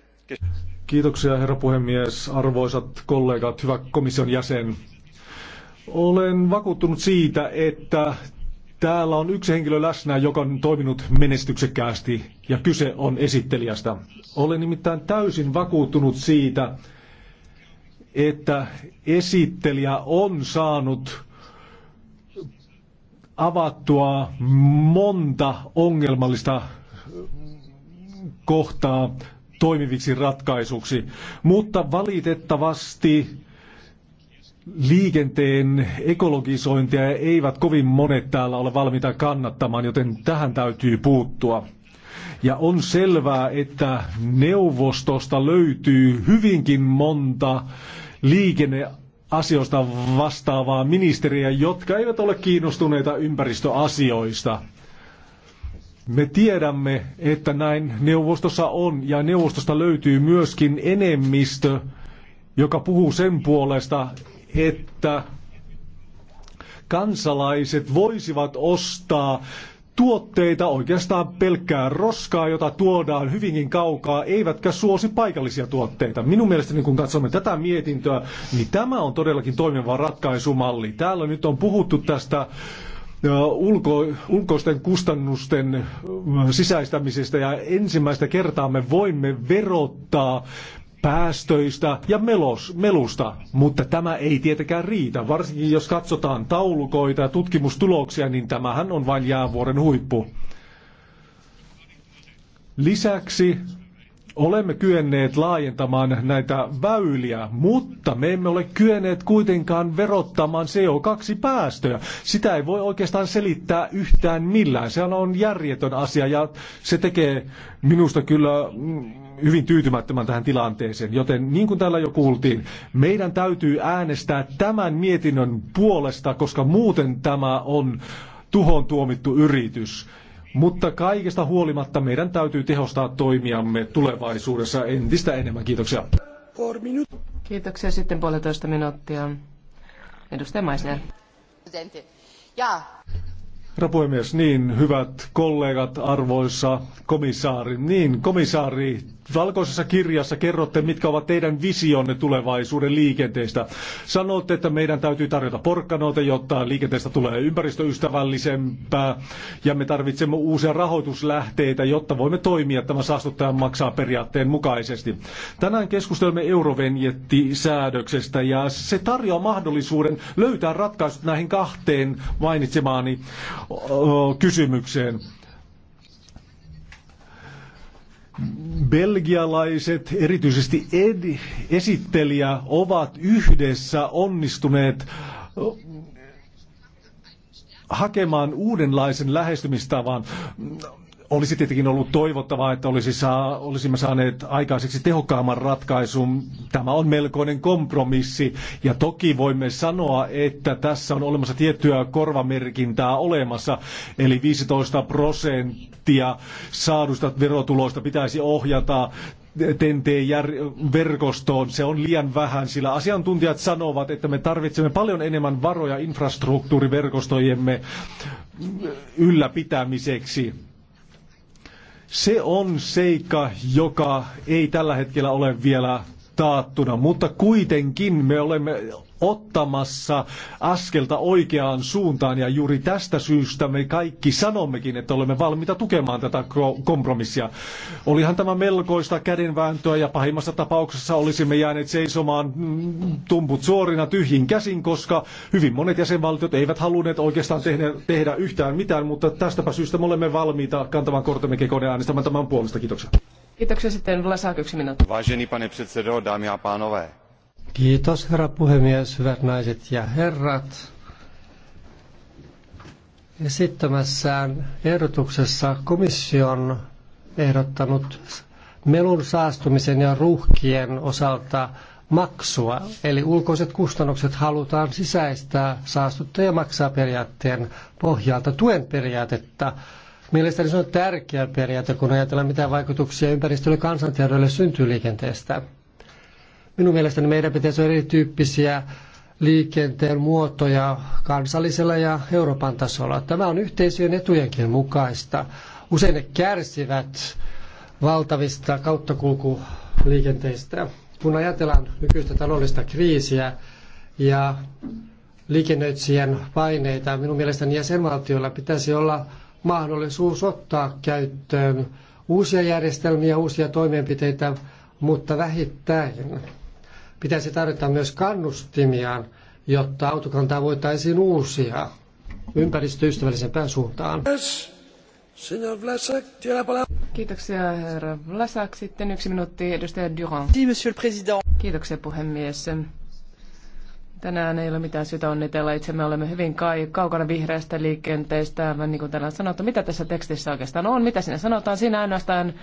Kiitoksia, herra puhemies, arvoisat kollegat, hyvä komission jäsen. Olen vakuuttunut siitä, että Täällä on yksi henkilö läsnä, joka on toiminut menestyksekkäästi ja kyse on esittelijästä. Olen nimittäin täysin vakuuttunut siitä, että esittelijä on saanut avattua monta ongelmallista kohtaa toimiviksi ratkaisuksi, mutta valitettavasti liikenteen ekologisointia eivät kovin monet täällä ole valmiita kannattamaan, joten tähän täytyy puuttua. Ja on selvää, että neuvostosta löytyy hyvinkin monta liikenneasioista vastaavaa ministeriä, jotka eivät ole kiinnostuneita ympäristöasioista. Me tiedämme, että näin neuvostossa on, ja neuvostosta löytyy myöskin enemmistö, joka puhuu sen puolesta, että kansalaiset voisivat ostaa tuotteita, oikeastaan pelkkää roskaa, jota tuodaan hyvinkin kaukaa, eivätkä suosi paikallisia tuotteita. Minun mielestäni kun katsomme tätä mietintöä, niin tämä on todellakin toimiva ratkaisumalli. Täällä nyt on puhuttu tästä ulko, ulkoisten kustannusten sisäistämisestä ja ensimmäistä kertaa me voimme verottaa päästöistä ja melos, melusta, mutta tämä ei tietenkään riitä. Varsinkin jos katsotaan taulukoita ja tutkimustuloksia, niin tämähän on vain jäävuoren huippu. Lisäksi olemme kyenneet laajentamaan näitä väyliä, mutta me emme ole kyenneet kuitenkaan verottamaan CO2-päästöjä. Sitä ei voi oikeastaan selittää yhtään millään. Se on järjetön asia ja se tekee minusta kyllä mm, hyvin tyytymättömän tähän tilanteeseen. Joten niin kuin täällä jo kuultiin, meidän täytyy äänestää tämän mietinnön puolesta, koska muuten tämä on tuhon tuomittu yritys. Mutta kaikesta huolimatta meidän täytyy tehostaa toimiamme tulevaisuudessa entistä enemmän. Kiitoksia.
Kiitoksia. Sitten puolitoista minuuttia. Edustaja Maisner.
Herra puhemies, niin hyvät kollegat, arvoisa komissaari, niin komissaari valkoisessa kirjassa kerrotte, mitkä ovat teidän visionne tulevaisuuden liikenteestä. Sanotte, että meidän täytyy tarjota porkkanoita, jotta liikenteestä tulee ympäristöystävällisempää, ja me tarvitsemme uusia rahoituslähteitä, jotta voimme toimia tämä saastuttajan maksaa periaatteen mukaisesti. Tänään keskustelemme Eurovenjetti-säädöksestä ja se tarjoaa mahdollisuuden löytää ratkaisut näihin kahteen mainitsemaani kysymykseen belgialaiset, erityisesti ed- esittelijä, ovat yhdessä onnistuneet hakemaan uudenlaisen lähestymistavan. Olisi tietenkin ollut toivottavaa, että olisi saa, olisimme saaneet aikaiseksi tehokkaamman ratkaisun. Tämä on melkoinen kompromissi ja toki voimme sanoa, että tässä on olemassa tiettyä korvamerkintää olemassa, eli 15 prosenttia saadusta verotuloista pitäisi ohjata TNT-verkostoon. Se on liian vähän, sillä asiantuntijat sanovat, että me tarvitsemme paljon enemmän varoja infrastruktuuriverkostojemme ylläpitämiseksi. Se on seikka, joka ei tällä hetkellä ole vielä taattuna, mutta kuitenkin me olemme ottamassa askelta oikeaan suuntaan ja juuri tästä syystä me kaikki sanommekin, että olemme valmiita tukemaan tätä kompromissia. Olihan tämä melkoista kädenvääntöä ja pahimmassa tapauksessa olisimme jääneet seisomaan mm, tumput suorina tyhjin käsin, koska hyvin monet jäsenvaltiot eivät halunneet oikeastaan tehdä, tehdä yhtään mitään, mutta tästäpä syystä me olemme valmiita kantamaan kortemme kekoon ja äänestämään tämän puolesta. Kiitoksia.
Kiitoksia sitten Vlasak yksi minuutti.
Vážený pane
předsedo, dámy a pánové, Kiitos herra puhemies, hyvät naiset ja herrat. Esittämässään ehdotuksessa on ehdottanut melun saastumisen ja ruuhkien osalta maksua, eli ulkoiset kustannukset halutaan sisäistää saastuttaja maksaa periaatteen pohjalta tuen periaatetta. Mielestäni se on tärkeä periaate, kun ajatellaan mitä vaikutuksia ympäristölle kansanterveydelle syntyy liikenteestä. Minun mielestäni meidän pitäisi olla erityyppisiä liikenteen muotoja kansallisella ja Euroopan tasolla. Tämä on yhteisöjen etujenkin mukaista. Usein ne kärsivät valtavista kauttakulkuliikenteistä. Kun ajatellaan nykyistä taloudellista kriisiä ja liikennöitsijän paineita, minun mielestäni jäsenvaltioilla pitäisi olla mahdollisuus ottaa käyttöön uusia järjestelmiä, uusia toimenpiteitä, mutta vähittäin Pitäisi tarjota myös kannustimia, jotta autokantaa voitaisiin uusia ympäristöystävällisempään suuntaan.
Kiitoksia herra Vlasak. Sitten yksi minuutti edustaja Durand. Kiitoksia puhemies. Tänään ei ole mitään syytä onnitella itse. Me olemme hyvin kaukana vihreästä liikenteestä, niin kuin täällä on sanottu. Mitä tässä tekstissä oikeastaan on? Mitä siinä sanotaan? Siinä ainoastaan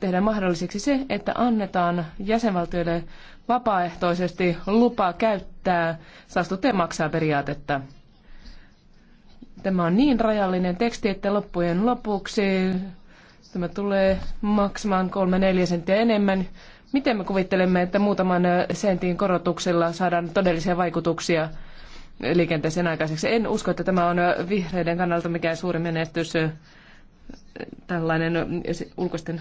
tehdään mahdolliseksi se, että annetaan jäsenvaltioille vapaaehtoisesti lupa käyttää saastuttaja maksaa periaatetta. Tämä on niin rajallinen teksti, että loppujen lopuksi tämä tulee maksamaan kolme 4 senttiä enemmän. Miten me kuvittelemme, että muutaman sentin korotuksella saadaan todellisia vaikutuksia liikenteeseen aikaiseksi? En usko, että tämä on vihreiden kannalta mikään suuri menestys tällainen ulkoisten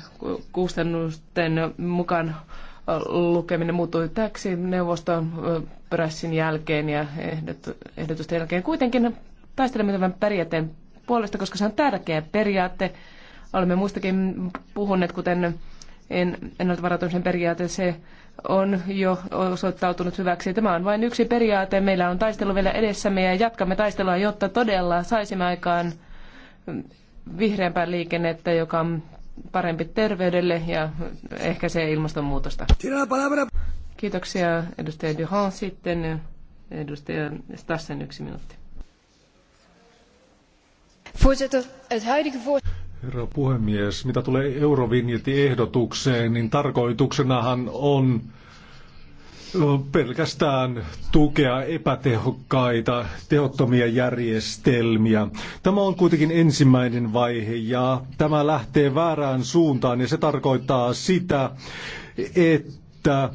kustannusten mukaan lukeminen muuttui täksi neuvoston prässin jälkeen ja ehdotusten jälkeen. Kuitenkin taistelemme tämän periaatteen puolesta, koska se on tärkeä periaate. Olemme muistakin puhuneet, kuten en ennaltavarautumisen periaate, se on jo osoittautunut hyväksi. Tämä on vain yksi periaate. Meillä on taistelu vielä edessämme ja jatkamme taistelua, jotta todella saisimme aikaan vihreämpää liikennettä, joka parempi terveydelle ja ehkä se ilmastonmuutosta. Kiitoksia edustaja Duhan sitten. Edustaja Stassen yksi minuutti.
Herra puhemies, mitä tulee eurovinjetti ehdotukseen niin tarkoituksenahan on pelkästään tukea epätehokkaita, tehottomia järjestelmiä. Tämä on kuitenkin ensimmäinen vaihe ja tämä lähtee väärään suuntaan ja se tarkoittaa sitä, että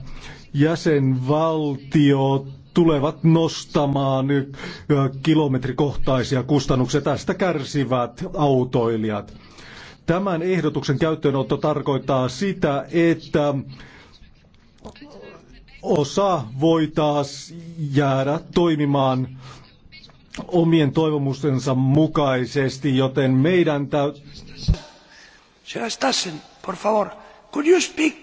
jäsenvaltiot tulevat nostamaan kilometrikohtaisia kustannuksia. Tästä kärsivät autoilijat. Tämän ehdotuksen käyttöönotto tarkoittaa sitä, että osa voi taas jäädä toimimaan omien toivomustensa mukaisesti, joten meidän täytyy... por favor, could you speak?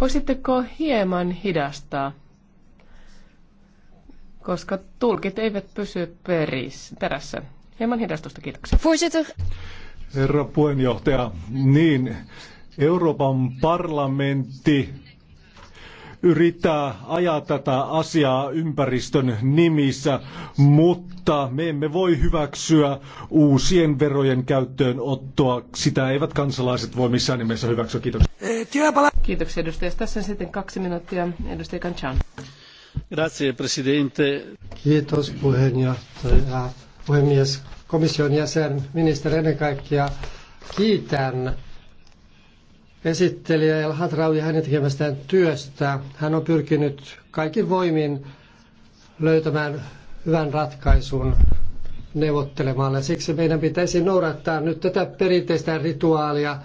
Voisitteko hieman hidastaa?
Koska tulkit eivät pysy peris, perässä. Hieman hidastusta,
kiitoksia. Voisitte...
Herra puheenjohtaja, niin Euroopan parlamentti yrittää ajaa tätä asiaa ympäristön nimissä, mutta me emme voi hyväksyä uusien verojen käyttöönottoa. Sitä eivät kansalaiset voi missään nimessä hyväksyä. Kiitoksia.
Kiitoksia edustaja. Tässä on sitten kaksi minuuttia. Edustaja Kanchan.
Grazie,
presidente. Kiitos puheenjohtaja. Puhemies, komission jäsen, ministeri ennen kaikkea kiitän esittelijä El Hatraui ja hänen tekemästään työstä. Hän on pyrkinyt kaikin voimin löytämään hyvän ratkaisun neuvottelemalla. Siksi meidän pitäisi noudattaa nyt tätä perinteistä rituaalia,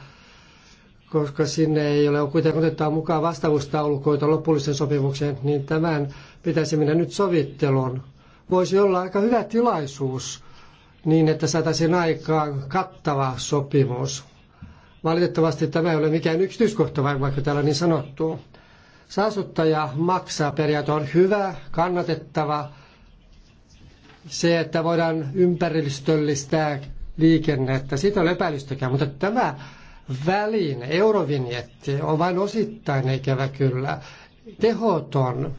koska sinne ei ole kuitenkin otettava mukaan vastaavuustaulukoita lopullisen sopimukseen, niin tämän pitäisi mennä nyt sovitteluun. Voisi olla aika hyvä tilaisuus niin, että saataisiin aikaan kattava sopimus. Valitettavasti tämä ei ole mikään yksityiskohta, vaikka täällä niin sanottu. Saasuttaja maksaa periaate on hyvä, kannatettava. Se, että voidaan ympäristöllistää liikennettä, siitä on epäilystäkään, mutta tämä välin eurovinjetti on vain osittain ikävä kyllä tehoton.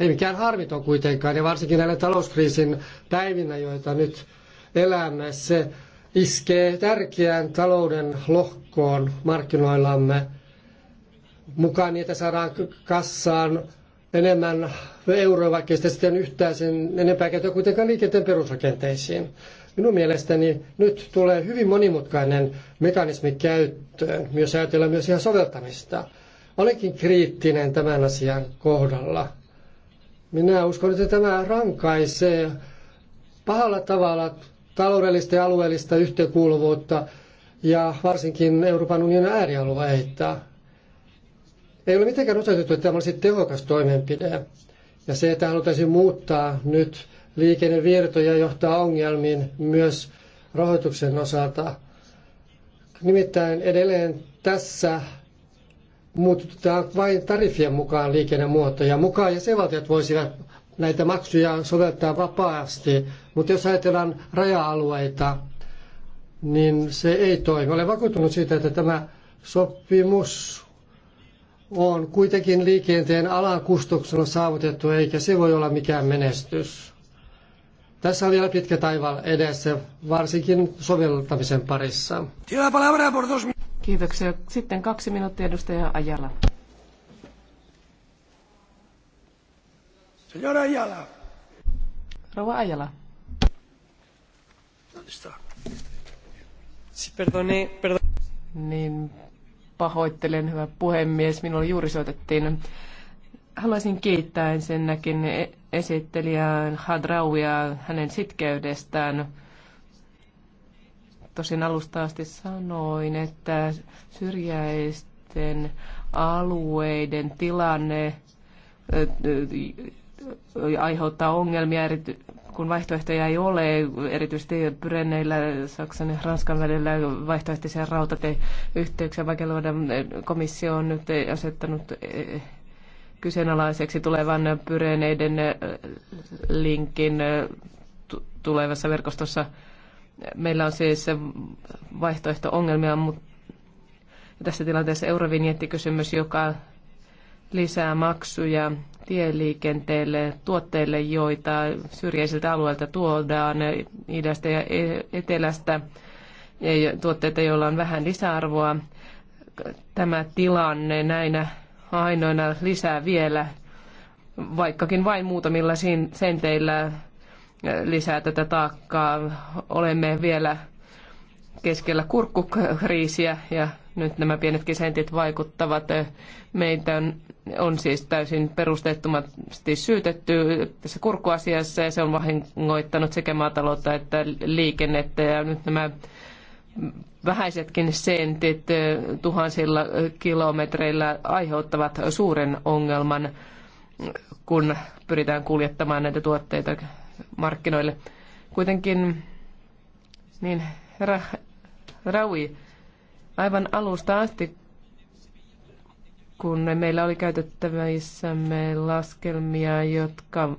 Ei mikään harmiton kuitenkaan, ja varsinkin näillä talouskriisin päivinä, joita nyt elämme, se iskee tärkeään talouden lohkoon markkinoillamme mukaan niin, että saadaan kassaan enemmän euroa, vaikka sitä sitten yhtään sen enempää käytetä kuitenkaan liikenteen perusrakenteisiin. Minun mielestäni nyt tulee hyvin monimutkainen mekanismi käyttöön, myös ajatellaan myös ihan soveltamista. Olenkin kriittinen tämän asian kohdalla. Minä uskon, että tämä rankaisee pahalla tavalla taloudellista ja alueellista yhteenkuuluvuutta ja varsinkin Euroopan unionin äärialueita. Ei ole mitenkään osoitettu, että tämä olisi tehokas toimenpide. Ja se, että haluttaisiin muuttaa nyt liikennevirtoja, johtaa ongelmiin myös rahoituksen osalta. Nimittäin edelleen tässä muututaan vain tariffien mukaan liikennemuotoja mukaan ja se valtiot voisivat näitä maksuja soveltaa vapaasti, mutta jos ajatellaan raja-alueita, niin se ei toimi. Olen vakuuttunut siitä, että tämä sopimus on kuitenkin liikenteen alan kustannuksella saavutettu, eikä se voi olla mikään menestys. Tässä on vielä pitkä taival edessä, varsinkin soveltamisen parissa. Kiitoksia. Sitten kaksi minuuttia
edustaja Ajala.
Señora
Ayala.
Rouva Ayala. Si, perdone, perdone. Niin, pahoittelen, hyvä puhemies. Minulle juuri soitettiin. Haluaisin kiittää ensinnäkin e- esittelijää Hadrauia hänen sitkeydestään tosin alusta asti sanoin, että syrjäisten alueiden tilanne aiheuttaa ongelmia, erity, kun vaihtoehtoja ei ole, erityisesti Brenneillä, Saksan ja Ranskan välillä vaihtoehtoisia rautateyhteyksiä, vaikka luoda komissio on nyt asettanut eh, kyseenalaiseksi tulevan pyreneiden eh, linkin eh, tulevassa verkostossa. Meillä on siis vaihtoehto-ongelmia, mutta tässä tilanteessa eurovinjettikysymys, joka lisää maksuja tieliikenteelle, tuotteille, joita syrjäisiltä alueilta tuodaan idästä ja e-, etelästä, tuotteita, joilla on vähän lisäarvoa. Tämä tilanne näinä ainoina lisää vielä, vaikkakin vain muutamilla senteillä lisää tätä taakkaa. Olemme vielä keskellä kurkkukriisiä ja nyt nämä pienet kesentit vaikuttavat. Meitä on, on siis täysin perusteettomasti syytetty tässä kurkkuasiassa ja se on vahingoittanut sekä maataloutta että liikennettä ja nyt nämä vähäisetkin sentit tuhansilla kilometreillä aiheuttavat suuren ongelman, kun pyritään kuljettamaan näitä tuotteita markkinoille. Kuitenkin niin herra Raui. Aivan alusta asti, kun meillä oli käytettävissämme laskelmia, jotka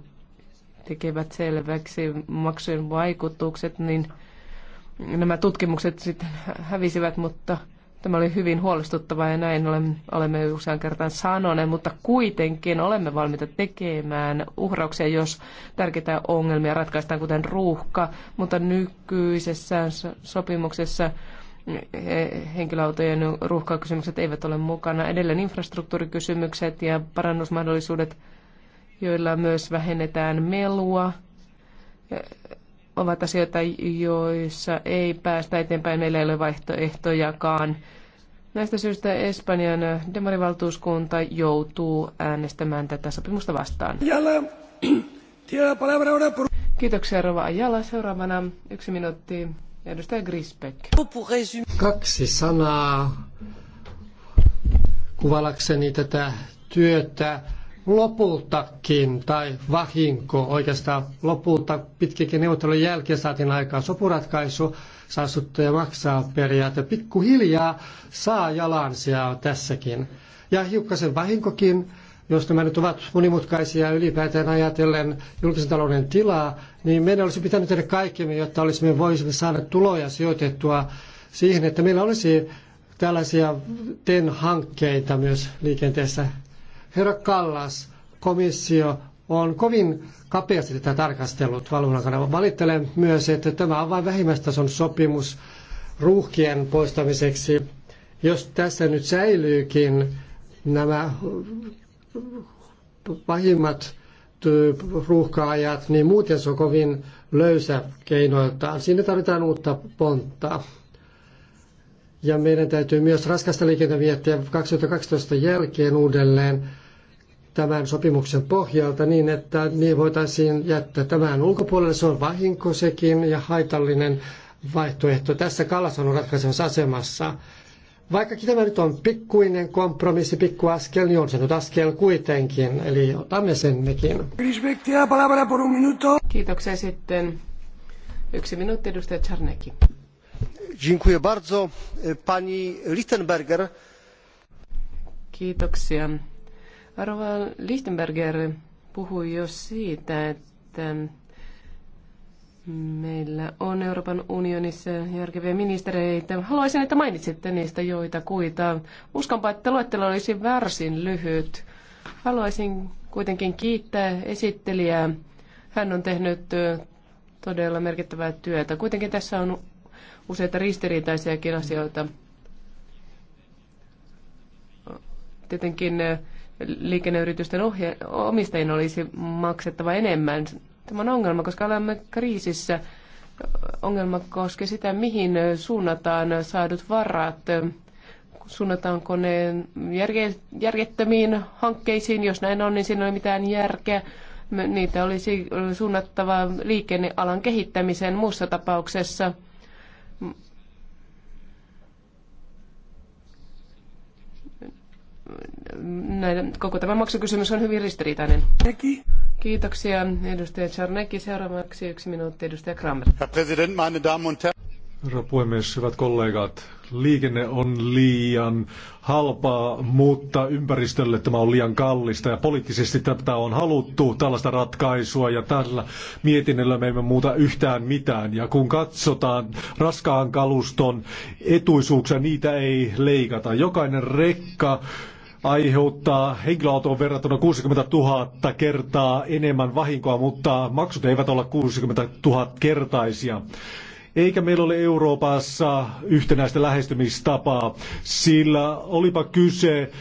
tekevät selväksi maksujen vaikutukset, niin nämä tutkimukset sitten hävisivät, mutta – Tämä oli hyvin huolestuttavaa ja näin olemme usean kertaan sanoneet, mutta kuitenkin olemme valmiita tekemään uhrauksia, jos tärkeitä ongelmia ratkaistaan, kuten ruuhka, mutta nykyisessä sopimuksessa henkilöautojen ruuhkakysymykset eivät ole mukana. Edelleen infrastruktuurikysymykset ja parannusmahdollisuudet, joilla myös vähennetään melua ovat asioita, joissa ei päästä eteenpäin. Meillä ei ole vaihtoehtojakaan. Näistä syystä Espanjan demarivaltuuskunta joutuu äänestämään tätä sopimusta vastaan. Kiitoksia Rova Ajala. Seuraavana yksi minuutti.
Edustaja Grisbeck. Kaksi sanaa kuvalakseni tätä työtä lopultakin, tai vahinko oikeastaan lopulta pitkäkin neuvottelun jälkeen saatiin aikaan sopuratkaisu, saastuttaja maksaa periaate. Pikkuhiljaa saa jalansijaa tässäkin. Ja hiukkasen vahinkokin, jos nämä nyt ovat monimutkaisia ylipäätään ajatellen julkisen talouden tilaa, niin meidän olisi pitänyt tehdä kaikkemme, jotta olisimme voisimme saada tuloja sijoitettua siihen, että meillä olisi tällaisia TEN-hankkeita myös liikenteessä Herra Kallas, komissio on kovin kapeasti tätä tarkastellut valvonnan kannalta. Valittelen myös, että tämä on vain vähimmäistason sopimus ruuhkien poistamiseksi. Jos tässä nyt säilyykin nämä pahimmat ruuhka-ajat, niin muuten se on kovin löysä keinoiltaan. Siinä tarvitaan uutta ponttaa. Ja meidän täytyy myös raskasta viettää 2012 jälkeen uudelleen tämän sopimuksen pohjalta niin, että niin voitaisiin jättää tämän ulkopuolelle. Se on vahinko sekin ja haitallinen vaihtoehto. Tässä Kallas on ratkaisevassa asemassa. Vaikkakin tämä nyt on pikkuinen kompromissi, askel, niin on se nyt askel kuitenkin. Eli otamme sen mekin.
Kiitoksia sitten. Yksi minuutti, edustaja Czarnecki.
Dziękuję bardzo. Pani Lichtenberger.
Kiitoksia. Rova Lichtenberger puhui jo siitä, että meillä on Euroopan unionissa järkeviä ministereitä. Haluaisin, että mainitsitte niistä joita kuita. Uskonpa, että luettelo olisi varsin lyhyt. Haluaisin kuitenkin kiittää esittelijää. Hän on tehnyt todella merkittävää työtä. Kuitenkin tässä on useita ristiriitaisiakin asioita. Tietenkin liikenneyritysten ohje- omistajien olisi maksettava enemmän. Tämä on ongelma, koska olemme kriisissä. Ongelma koskee sitä, mihin suunnataan saadut varat. Suunnataanko ne järje- järjettömiin hankkeisiin? Jos näin on, niin siinä ei ole mitään järkeä. Niitä olisi suunnattava liikennealan kehittämiseen muussa tapauksessa näiden, koko tämä maksukysymys on hyvin ristiriitainen. Teki. Kiitoksia edustaja Czarnecki. Seuraavaksi yksi minuutti edustaja Kramer.
Herra puhemies, hyvät kollegat. Liikenne on liian halpaa, mutta ympäristölle tämä on liian kallista ja poliittisesti tätä on haluttu, tällaista ratkaisua ja tällä mietinnöllä me emme muuta yhtään mitään. Ja kun katsotaan raskaan kaluston etuisuuksia, niitä ei leikata. Jokainen rekka aiheuttaa henkilöautoon verrattuna 60 000 kertaa enemmän vahinkoa, mutta maksut eivät ole 60 000 kertaisia. Eikä meillä ole Euroopassa yhtenäistä lähestymistapaa, sillä olipa kyse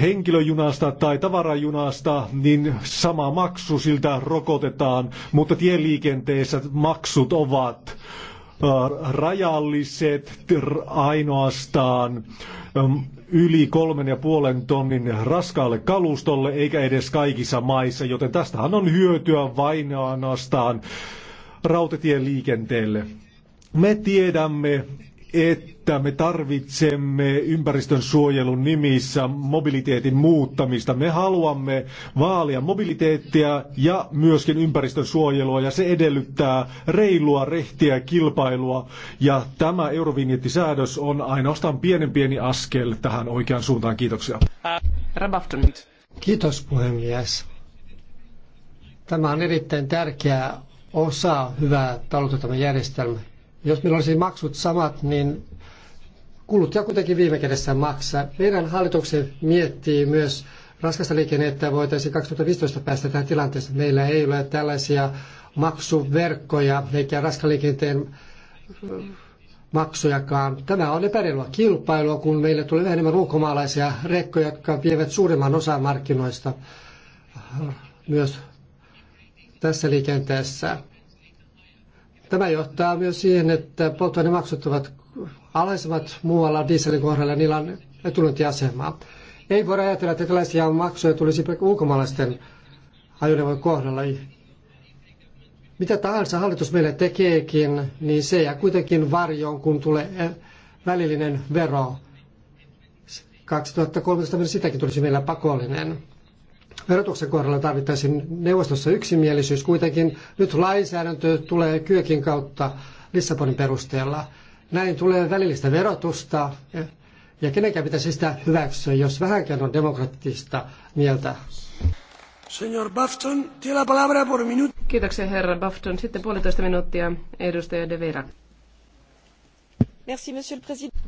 henkilöjunasta tai tavarajunasta, niin sama maksu siltä rokotetaan, mutta tieliikenteessä maksut ovat rajalliset ainoastaan yli kolmen ja puolen tonnin raskaalle kalustolle, eikä edes kaikissa maissa, joten tästähän on hyötyä vain ainoastaan rautatieliikenteelle. liikenteelle. Me tiedämme, että että me tarvitsemme ympäristön suojelun nimissä mobiliteetin muuttamista. Me haluamme vaalia mobiliteettia ja myöskin ympäristön suojelua ja se edellyttää reilua, rehtiä kilpailua ja tämä Eurovinjettisäädös on ainoastaan pienen pieni askel tähän oikeaan suuntaan. Kiitoksia. Kiitos puhemies.
Tämä on erittäin tärkeä osa hyvää taloutettamme järjestelmää jos meillä olisi maksut samat, niin kuluttaja kuitenkin viime kädessä maksaa. Meidän hallituksen miettii myös raskasta liikennettä voitaisiin 2015 päästä tähän tilanteeseen. Meillä ei ole tällaisia maksuverkkoja eikä raskaan liikenteen maksujakaan. Tämä on epäreilua kilpailua, kun meille tulee yhä enemmän ulkomaalaisia rekkoja, jotka vievät suurimman osan markkinoista äh, myös tässä liikenteessä. Tämä johtaa myös siihen, että polttoainemaksut ovat alaisemmat muualla dieselin kohdalla, niillä on etulyöntiasemaa. Ei voida ajatella, että tällaisia maksuja tulisi ulkomaalaisten ajoneuvojen kohdalla. Mitä tahansa hallitus meille tekeekin, niin se jää kuitenkin varjoon, kun tulee e, välillinen vero. 2013 sitäkin tulisi meillä pakollinen. Verotuksen kohdalla tarvittaisiin neuvostossa yksimielisyys. Kuitenkin nyt lainsäädäntö tulee kyökin kautta Lissabonin perusteella. Näin tulee välillistä verotusta ja kenenkään pitäisi sitä hyväksyä, jos vähänkään on demokraattista mieltä. Señor Bafton, tiene la palabra
por minuto. Kiitoksia herra Bafton. Sitten puolitoista minuuttia edustaja De Vera.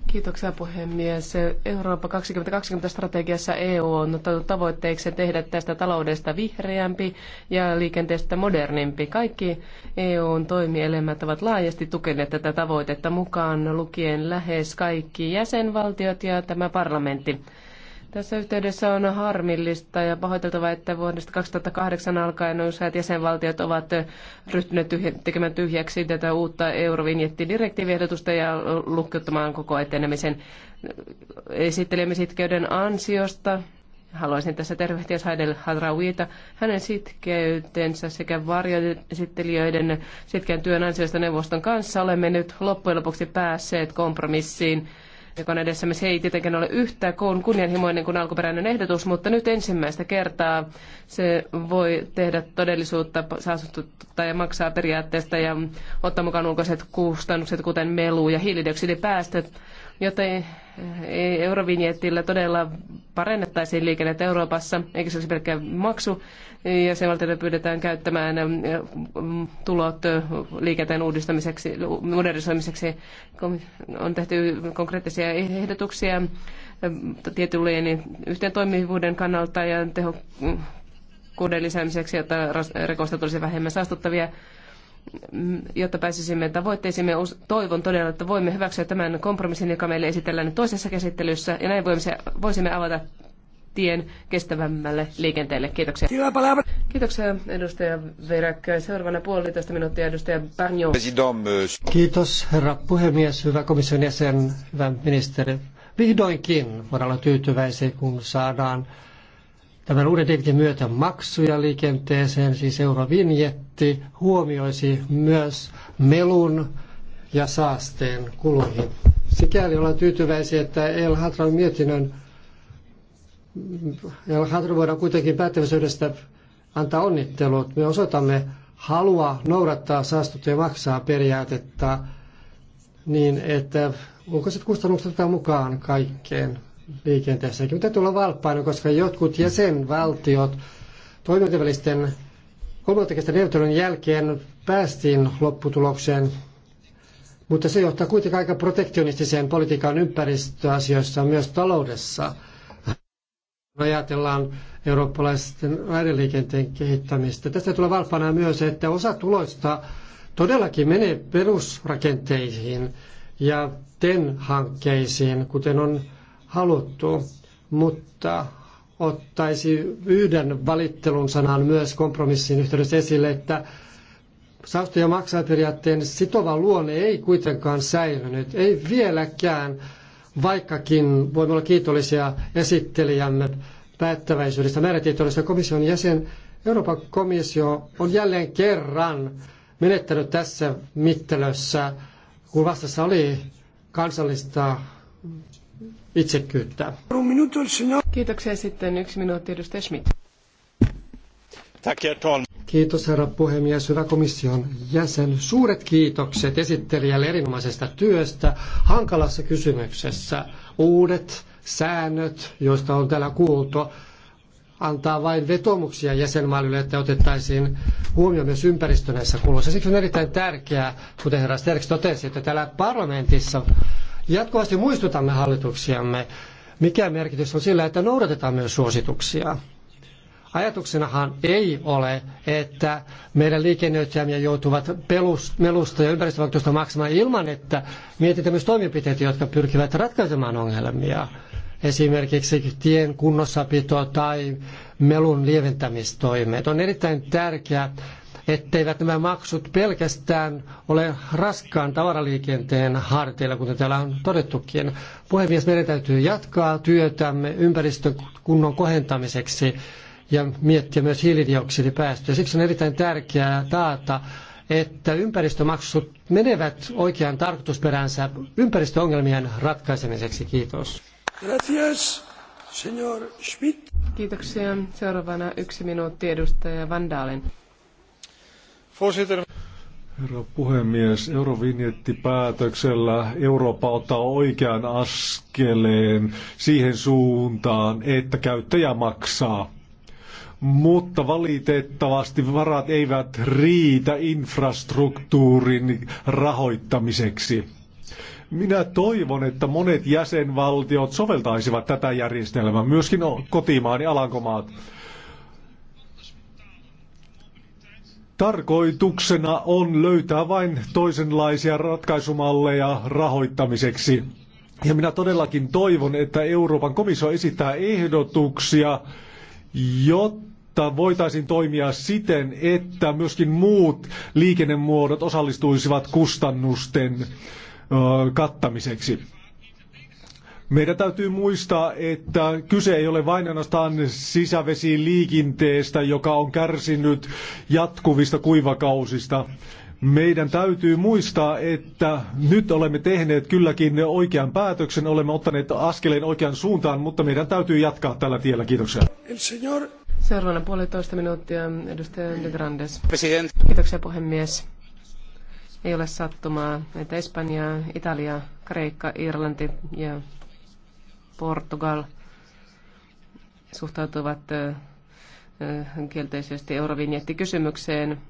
Kiitoksia puhemies. Eurooppa 2020 strategiassa EU on ottanut tavoitteeksi tehdä tästä taloudesta vihreämpi ja liikenteestä modernimpi. Kaikki EUn toimielimet ovat laajasti tukeneet tätä tavoitetta mukaan lukien lähes kaikki jäsenvaltiot ja tämä parlamentti. Tässä yhteydessä on harmillista ja pahoiteltava, että vuodesta 2008 alkaen useat jäsenvaltiot ovat ryhtyneet tyhjä, tekemään tyhjäksi tätä uutta eurovinjettidirektiiviehdotusta ja lukkiuttamaan koko etenemisen esittelemisitkeyden ansiosta. Haluaisin tässä tervehtiä Saidel Hadrawita. Hänen sitkeytensä sekä varjoesittelijöiden sitkeän työn ansiosta neuvoston kanssa olemme nyt loppujen lopuksi päässeet kompromissiin joka on edessämme. Se ei tietenkään ole yhtä kuin kunnianhimoinen kuin alkuperäinen ehdotus, mutta nyt ensimmäistä kertaa se voi tehdä todellisuutta saastuttaa ja maksaa periaatteesta ja ottaa mukaan ulkoiset kustannukset, kuten melu ja hiilidioksidipäästöt joten eh, eurovinjettillä todella parennettaisiin liikennettä Euroopassa, eikä se olisi pelkkä maksu, ja sen valtiolle pyydetään käyttämään eh, tulot eh, liikenteen uudistamiseksi, modernisoimiseksi. On tehty konkreettisia ehdotuksia tietynlainen yhteen toimivuuden kannalta ja
tehokkuuden
lisäämiseksi, jotta rekoista tulisi vähemmän saastuttavia jotta pääsisimme tavoitteisiimme. Toivon todella, että voimme hyväksyä tämän kompromissin, joka meille esitellään nyt toisessa käsittelyssä, ja näin voisimme avata tien kestävämmälle liikenteelle. Kiitoksia. Kiitoksia edustaja Verak. Seuraavana puolitoista minuuttia edustaja Bagnon.
Kiitos herra puhemies, hyvä komission jäsen, hyvä ministeri. Vihdoinkin voidaan olla tyytyväisiä, kun saadaan Tämän uuden direktiivin myötä maksuja liikenteeseen, siis eurovinjetti, huomioisi myös melun ja saasteen kuluihin. Sikäli ollaan tyytyväisiä, että El Hatran mietinnön El Hatran voidaan kuitenkin päättäväisyydestä antaa onnittelut. Me osoitamme halua noudattaa saastuttuja maksaa periaatetta niin, että ulkoiset kustannukset otetaan mukaan kaikkeen liikenteessäkin. Mitä tulla valppaana, koska jotkut jäsenvaltiot toimintavälisten kolmantekisten neuvottelun jälkeen päästiin lopputulokseen, mutta se johtaa kuitenkin aika protektionistiseen politiikan ympäristöasioissa myös taloudessa. Ajatellaan eurooppalaisten raideliikenteen kehittämistä. Tästä tulee valppana myös, että osa tuloista todellakin menee perusrakenteisiin ja TEN-hankkeisiin, kuten on haluttu, mutta ottaisi yhden valittelun sanan myös kompromissin yhteydessä esille, että saastuja maksaa periaatteen sitova luonne ei kuitenkaan säilynyt, ei vieläkään, vaikkakin voimme olla kiitollisia esittelijämme päättäväisyydestä, määrätietoisesta komission jäsen. Euroopan komissio on jälleen kerran menettänyt tässä mittelössä, kun vastassa oli kansallista itsekkyyttä.
Kiitoksia sitten yksi minuutti edustaja Schmidt.
Kiitos herra puhemies, hyvä komission jäsen. Suuret kiitokset esittelijälle erinomaisesta työstä hankalassa kysymyksessä. Uudet säännöt, joista on täällä kuultu, antaa vain vetomuksia jäsenmaille, että otettaisiin huomioon myös ympäristö näissä kuluissa. Siksi on erittäin tärkeää, kuten herra Sterks totesi, että täällä parlamentissa Jatkuvasti muistutamme hallituksiamme, mikä merkitys on sillä, että noudatetaan myös suosituksia. Ajatuksenahan ei ole, että meidän liikennöitsijämme joutuvat melusta ja ympäristövaikutusta maksamaan ilman, että mietitään myös toimenpiteitä, jotka pyrkivät ratkaisemaan ongelmia. Esimerkiksi tien kunnossapito tai melun lieventämistoimet on erittäin tärkeää, etteivät nämä maksut pelkästään ole raskaan tavaraliikenteen harteilla, kuten täällä on todettukin. Puhemies, meidän täytyy jatkaa työtämme ympäristön kunnon kohentamiseksi ja miettiä myös hiilidioksidipäästöjä. Siksi on erittäin tärkeää taata, että ympäristömaksut menevät oikeaan tarkoitusperänsä ympäristöongelmien ratkaisemiseksi. Kiitos. Gracias, señor
Schmidt. Kiitoksia. Seuraavana yksi minuutti edustaja Vandaalin.
Voorzitter. Herra puhemies, eurovinjettipäätöksellä Eurooppa ottaa oikean askeleen siihen suuntaan, että käyttäjä maksaa. Mutta valitettavasti varat eivät riitä infrastruktuurin rahoittamiseksi. Minä toivon, että monet jäsenvaltiot soveltaisivat tätä järjestelmää, myöskin kotimaani Alankomaat. Tarkoituksena on löytää vain toisenlaisia ratkaisumalleja rahoittamiseksi. Ja minä todellakin toivon, että Euroopan komissio esittää ehdotuksia, jotta voitaisiin toimia siten, että myöskin muut liikennemuodot osallistuisivat kustannusten kattamiseksi. Meidän täytyy muistaa, että kyse ei ole vain ainoastaan sisävesiin liikenteestä, joka on kärsinyt jatkuvista kuivakausista. Meidän täytyy muistaa, että nyt olemme tehneet kylläkin oikean päätöksen, olemme ottaneet askeleen oikean suuntaan, mutta meidän täytyy jatkaa tällä tiellä. Kiitoksia.
Seuraavana puolitoista minuuttia, edustaja De Grandes. President. Kiitoksia puhemies. Ei ole sattumaa, että Espanja, Italia, Kreikka, Irlanti ja Portugal suhtautuvat kielteisesti eurovinjettikysymykseen.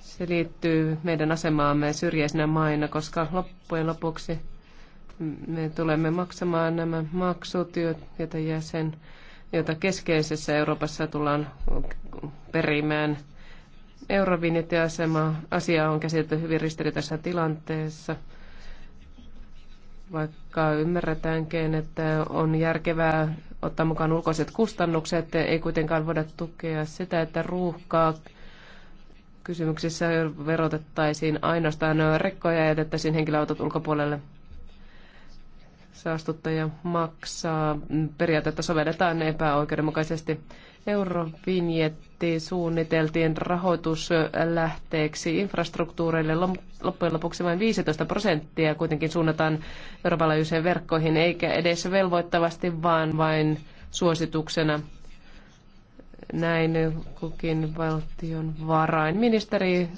Se liittyy meidän asemaamme syrjäisenä maina, koska loppujen lopuksi me tulemme maksamaan nämä maksut, joita jäsen, joita keskeisessä Euroopassa tullaan perimään. Eurovinjettiasema asia on käsitelty hyvin ristiriitaisessa tilanteessa – vaikka ymmärretäänkin, että on järkevää ottaa mukaan ulkoiset kustannukset, ei kuitenkaan voida tukea sitä, että ruuhkaa kysymyksissä verotettaisiin ainoastaan rekkoja ja jätettäisiin henkilöautot ulkopuolelle. Saastuttaja maksaa. Periaatetta sovelletaan epäoikeudenmukaisesti. Eurovinjetti suunniteltiin rahoituslähteeksi infrastruktuureille. Loppujen lopuksi vain 15 prosenttia kuitenkin suunnataan Euroopan laajuisiin verkkoihin, eikä edes velvoittavasti, vaan vain suosituksena. Näin kukin valtion varainministeri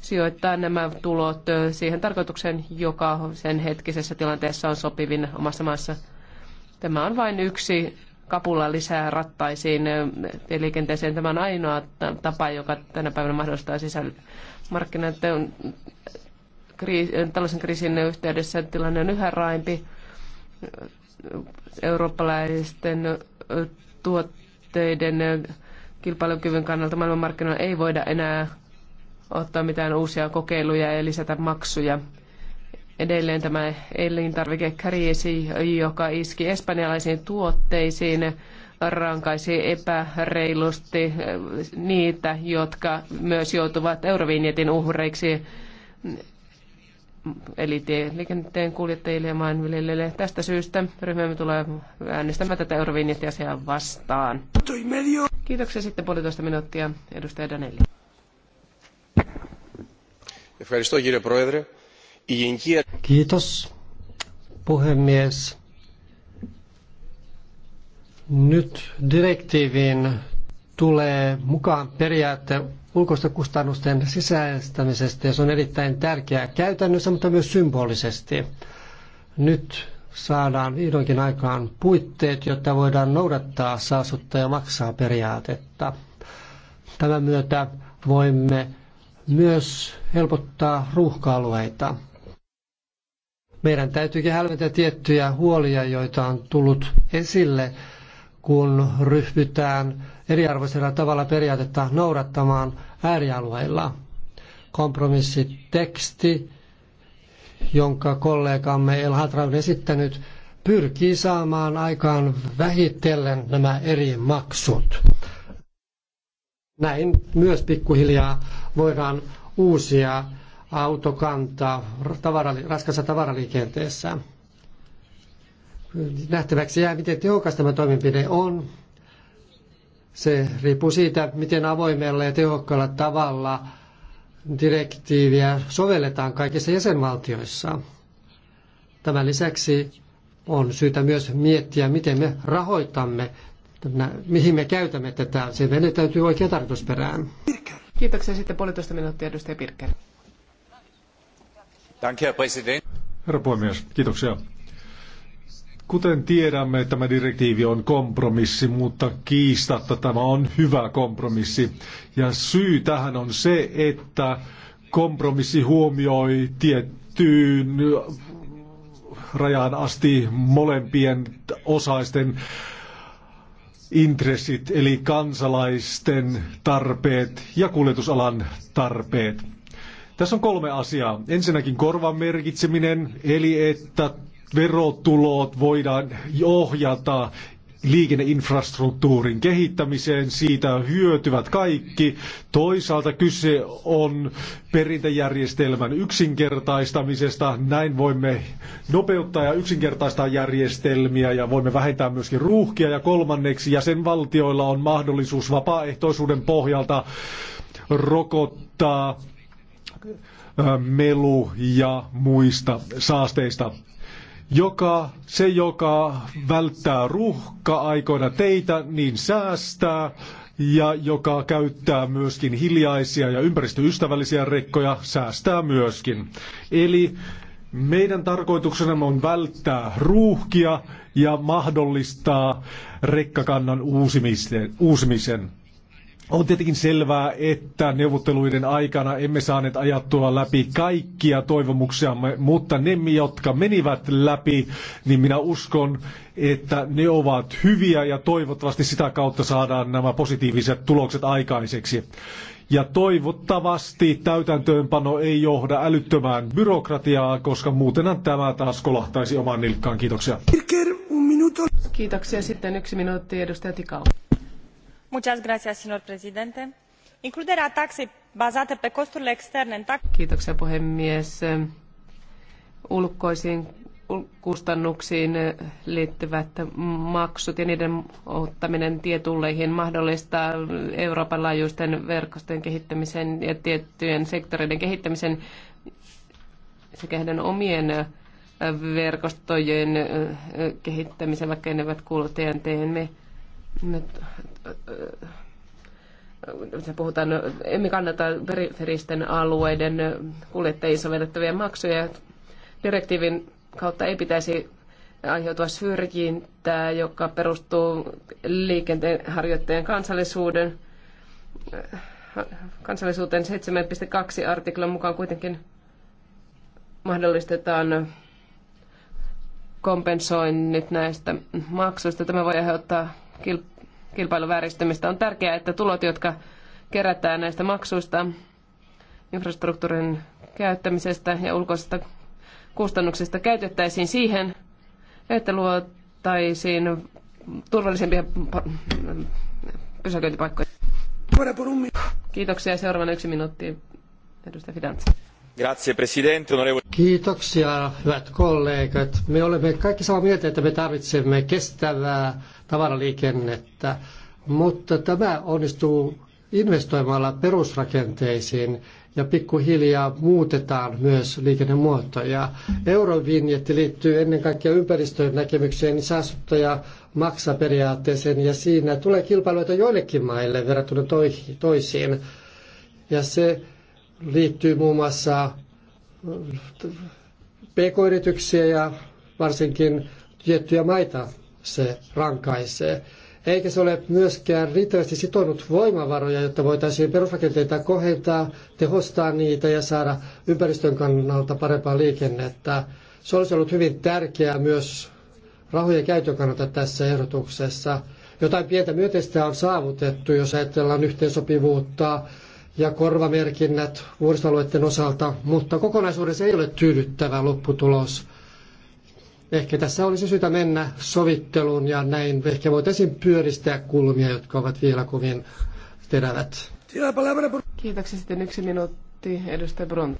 sijoittaa nämä tulot siihen tarkoitukseen, joka sen hetkisessä tilanteessa on sopivin omassa maassa. Tämä on vain yksi kapulla lisää rattaisiin tieliikenteeseen. Tämä on ainoa tapa, joka tänä päivänä mahdollistaa kriisin, Tällaisen kriisin yhteydessä tilanne on yhä raimpi. Eurooppalaisten tuotteiden kilpailukyvyn kannalta maailmanmarkkinoilla ei voida enää ottaa mitään uusia kokeiluja ja lisätä maksuja edelleen tämä elintarvikekriisi, joka iski espanjalaisiin tuotteisiin, rankaisi epäreilusti eh, niitä, jotka myös joutuvat eurovinjetin uhreiksi, eli liikenteen kuljettajille ja maanviljelijöille. Tästä syystä ryhmämme tulee äänestämään tätä eurovinjettiasiaa vastaan. Kiitoksia sitten puolitoista minuuttia,
edustaja Danelli.
Ευχαριστώ κύριε Πρόεδρε.
Kiitos, puhemies. Nyt direktiiviin tulee mukaan periaate ulkoisten kustannusten sisäistämisestä ja se on erittäin tärkeää käytännössä, mutta myös symbolisesti. Nyt saadaan vihdoinkin aikaan puitteet, jotta voidaan noudattaa saastuttaja maksaa periaatetta. Tämän myötä voimme myös helpottaa ruuhka-alueita. Meidän täytyykin hälventää tiettyjä huolia, joita on tullut esille, kun ryhdytään eriarvoisella tavalla periaatetta noudattamaan äärialueilla. Kompromissiteksti, jonka kollegamme El Hatra on esittänyt, pyrkii saamaan aikaan vähitellen nämä eri maksut. Näin myös pikkuhiljaa voidaan uusia autokantaa tavarali, raskassa tavaraliikenteessä. Nähtäväksi jää, miten tehokas tämä toimenpide on. Se riippuu siitä, miten avoimella ja tehokkaalla tavalla direktiiviä sovelletaan kaikissa jäsenvaltioissa. Tämän lisäksi on syytä myös miettiä, miten me rahoitamme, mihin me käytämme tätä. Se venetäytyy oikein tarkoitusperään.
Kiitoksia sitten puolitoista minuuttia edustaja Pirkkeri.
Herra puhemies, kiitoksia. Kuten tiedämme, tämä direktiivi on kompromissi, mutta kiistatta tämä on hyvä kompromissi. Ja syy tähän on se, että kompromissi huomioi tiettyyn rajaan asti molempien osaisten intressit, eli kansalaisten tarpeet ja kuljetusalan tarpeet. Tässä on kolme asiaa. Ensinnäkin korvan merkitseminen, eli että verotulot voidaan ohjata liikenneinfrastruktuurin kehittämiseen. Siitä hyötyvät kaikki. Toisaalta kyse on perintäjärjestelmän yksinkertaistamisesta. Näin voimme nopeuttaa ja yksinkertaistaa järjestelmiä ja voimme vähentää myöskin ruuhkia. Ja kolmanneksi jäsenvaltioilla on mahdollisuus vapaaehtoisuuden pohjalta rokottaa melu ja muista saasteista. Joka, se, joka välttää ruuhka-aikoina teitä, niin säästää ja joka käyttää myöskin hiljaisia ja ympäristöystävällisiä rekkoja, säästää myöskin. Eli meidän tarkoituksena on välttää ruuhkia ja mahdollistaa rekkakannan uusimisen. On tietenkin selvää, että neuvotteluiden aikana emme saaneet ajattua läpi kaikkia toivomuksiamme, mutta ne, jotka menivät läpi, niin minä uskon, että ne ovat hyviä ja toivottavasti sitä kautta saadaan nämä positiiviset tulokset aikaiseksi. Ja toivottavasti täytäntöönpano ei johda älyttömään byrokratiaa, koska muutenhan tämä taas kolahtaisi omaan nilkkaan. Kiitoksia.
Kiitoksia. Sitten yksi minuutti edustaja includerea taxei bazate pe costurile externe în taxa puhemies. Ulkoisiin kustannuksiin liittyvät maksut ja niiden ottaminen tietulleihin mahdollistaa Euroopan laajuisten verkostojen kehittämisen ja tiettyjen sektoreiden kehittämisen sekä heidän omien verkostojen kehittämisen, vaikka ne eivät kuulu TNT. Me, me se puhutaan, emme kannata periferisten alueiden kuljettajien sovellettavia maksuja. Direktiivin kautta ei pitäisi aiheutua syrjintää, joka perustuu liikenteen harjoittajan kansallisuuden kansallisuuteen 7.2 artiklan mukaan kuitenkin mahdollistetaan kompensoinnit näistä maksuista. Tämä voi aiheuttaa kilpailua kilpailuvääristymistä. On tärkeää, että tulot, jotka kerätään näistä maksuista, infrastruktuurin käyttämisestä ja ulkoisista kustannuksista käytettäisiin siihen, että luotaisiin turvallisempia pysäköintipaikkoja.
Kiitoksia. Seuraavana yksi minuutti. Edustaja Fidanza.
Grazie Presidente,
Kiitoksia, hyvät kollegat. Me olemme kaikki samaa mieltä, että me tarvitsemme kestävää tavaraliikennettä, mutta tämä onnistuu investoimalla perusrakenteisiin ja pikkuhiljaa muutetaan myös liikennemuotoja. Eurovinjetti liittyy ennen kaikkea ympäristön näkemykseen niin saastuttaja maksaa periaatteeseen ja siinä tulee kilpailuita joillekin maille verrattuna toisiin. Ja se liittyy muun muassa pk-yrityksiä ja varsinkin tiettyjä maita se rankaisee. Eikä se ole myöskään riittävästi sitonut voimavaroja, jotta voitaisiin perusrakenteita kohentaa, tehostaa niitä ja saada ympäristön kannalta parempaa liikennettä. Se olisi ollut hyvin tärkeää myös rahojen käytön kannalta tässä ehdotuksessa. Jotain pientä myönteistä on saavutettu, jos ajatellaan yhteensopivuutta ja korvamerkinnät vuoristoalueiden osalta, mutta kokonaisuudessa ei ole tyydyttävä lopputulos. Ehkä tässä olisi syytä mennä sovitteluun ja näin ehkä voitaisiin pyöristää kulmia, jotka ovat vielä kovin terävät.
Kiitoksia sitten yksi minuutti, edustaja Brun.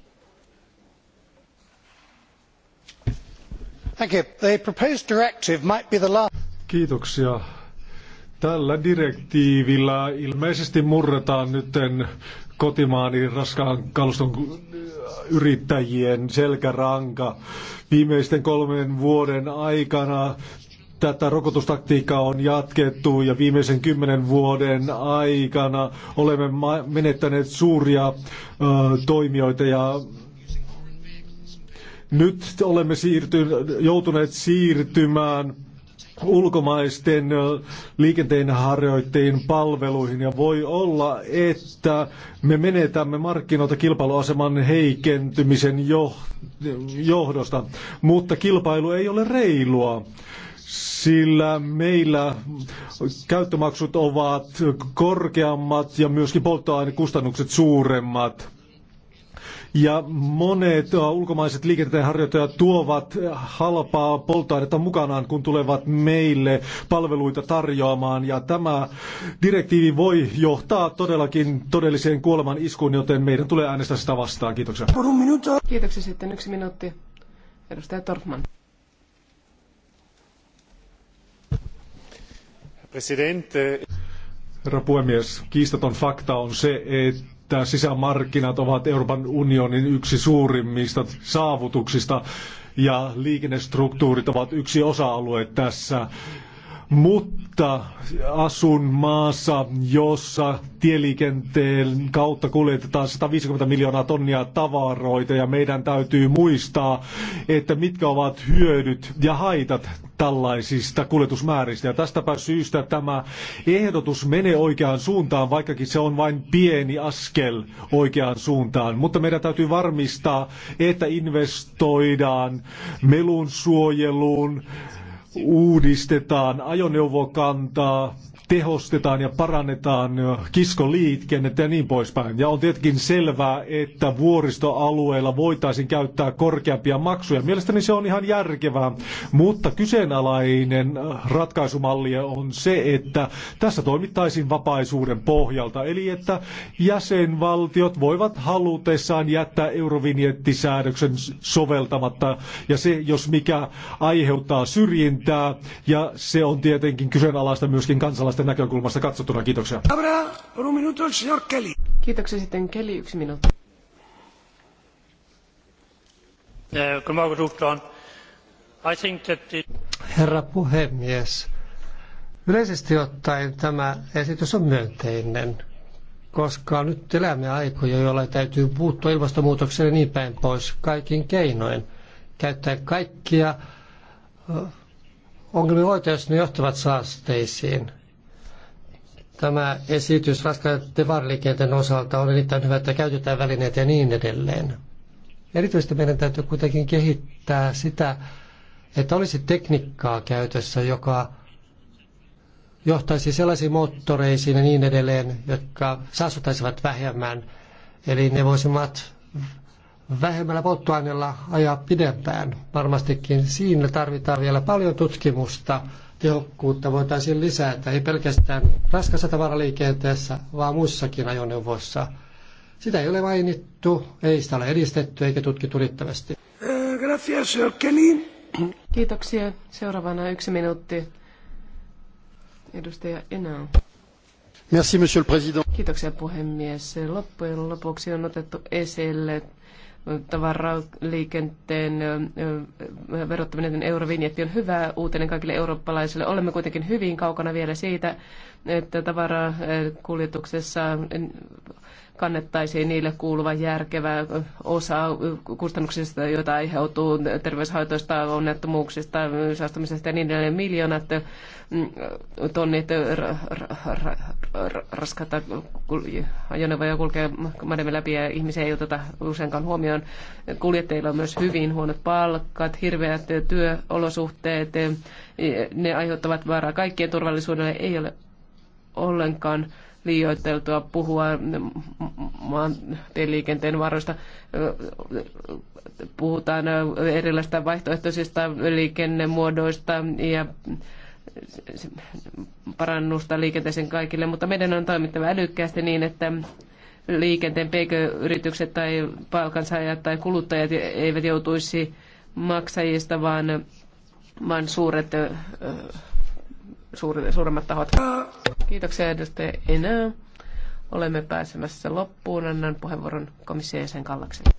Thank you. The proposed directive might be the last. Kiitoksia. Tällä direktiivillä ilmeisesti murretaan nyt kotimaani raskaan kaluston yrittäjien selkäranka. Viimeisten kolmen vuoden aikana tätä rokotustaktiikkaa on jatkettu ja viimeisen kymmenen vuoden aikana olemme menettäneet suuria ö, toimijoita ja nyt olemme siirty- joutuneet siirtymään ulkomaisten liikenteen harjoittajien palveluihin ja voi olla, että me menetämme markkinoita kilpailuaseman heikentymisen johdosta, mutta kilpailu ei ole reilua sillä meillä käyttömaksut ovat korkeammat ja myöskin polttoainekustannukset suuremmat. Ja monet äh, ulkomaiset liikenteenharjoittajat tuovat halpaa polttoainetta mukanaan, kun tulevat meille palveluita tarjoamaan. Ja tämä direktiivi voi johtaa todellakin todelliseen kuoleman iskuun, joten meidän tulee äänestää sitä vastaan. Kiitoksia.
Kiitoksia sitten. Yksi minuutti. Edustaja Torfman.
Herra puhemies, kiistaton fakta on se, että että sisämarkkinat ovat Euroopan unionin yksi suurimmista saavutuksista ja liikennestruktuurit ovat yksi osa-alue tässä mutta asun maassa, jossa tieliikenteen kautta kuljetetaan 150 miljoonaa tonnia tavaroita ja meidän täytyy muistaa, että mitkä ovat hyödyt ja haitat tällaisista kuljetusmääristä. Ja tästäpä syystä tämä ehdotus menee oikeaan suuntaan, vaikkakin se on vain pieni askel oikeaan suuntaan. Mutta meidän täytyy varmistaa, että investoidaan melun suojeluun, uudistetaan ajoneuvokantaa, tehostetaan ja parannetaan kiskoliikennettä ja niin poispäin. Ja on tietenkin selvää, että vuoristoalueilla voitaisiin käyttää korkeampia maksuja. Mielestäni se on ihan järkevää, mutta kyseenalainen ratkaisumalli on se, että tässä toimittaisiin vapaisuuden pohjalta, eli että jäsenvaltiot voivat halutessaan jättää eurovinjettisäädöksen soveltamatta, ja se, jos mikä aiheuttaa syrjintää, ja se on tietenkin kyseenalaista myöskin kansalaisten kansalaisten näkökulmasta katsottuna. Kiitoksia.
Kiitoksia sitten Kelly, yksi minuutti.
Eh, Herra puhemies, yleisesti ottaen tämä esitys on myönteinen, koska nyt elämme aikoja, joilla täytyy puuttua ilmastonmuutokseen niin päin pois kaikin keinoin. Käyttää kaikkia ongelmia hoitoa, jos ne johtavat saasteisiin. Tämä esitys raskaiden varliikenteen osalta on erittäin hyvä, että käytetään välineitä ja niin edelleen. Erityisesti meidän täytyy kuitenkin kehittää sitä, että olisi tekniikkaa käytössä, joka johtaisi sellaisiin moottoreisiin ja niin edelleen, jotka saastuttaisivat vähemmän. Eli ne voisivat vähemmällä polttoaineella ajaa pidempään. Varmastikin siinä tarvitaan vielä paljon tutkimusta tehokkuutta voitaisiin lisätä, ei pelkästään raskassa tavaraliikenteessä, vaan muissakin ajoneuvoissa. Sitä ei ole mainittu, ei sitä ole edistetty eikä tutkittu riittävästi.
Eh, Kiitoksia. Seuraavana yksi minuutti. Edustaja Enau.
Merci, monsieur le président.
Kiitoksia puhemies. Loppujen lopuksi on otettu esille tavaraliikenteen verottaminen eurovinjetti on hyvä uutinen kaikille eurooppalaisille. Olemme kuitenkin hyvin kaukana vielä siitä, että tavarakuljetuksessa kannettaisiin niille kuuluva järkevä osa kustannuksista, joita aiheutuu terveyshaitoista, onnettomuuksista, saastumisesta ja niin edelleen. Miljoonat mm, tonnit raskata ajoneuvoja kulkee maiden läpi ja ihmisiä ei oteta useinkaan huomioon. Kuljettajilla on myös hyvin huonot palkat, hirveät työolosuhteet. Ne aiheuttavat vaaraa kaikkien turvallisuudelle. Ei ole ollenkaan liioiteltua puhua maantieliikenteen varoista. Puhutaan erilaisista vaihtoehtoisista liikennemuodoista ja parannusta liikenteeseen kaikille, mutta meidän on toimittava älykkäästi niin, että liikenteen pk-yritykset tai palkansaajat tai kuluttajat eivät joutuisi maksajista, vaan, vaan suuret suuri, suuremmat tahot. Kiitoksia edustaja Enää. Olemme pääsemässä loppuun. Annan puheenvuoron komission jäsen Kallakselle.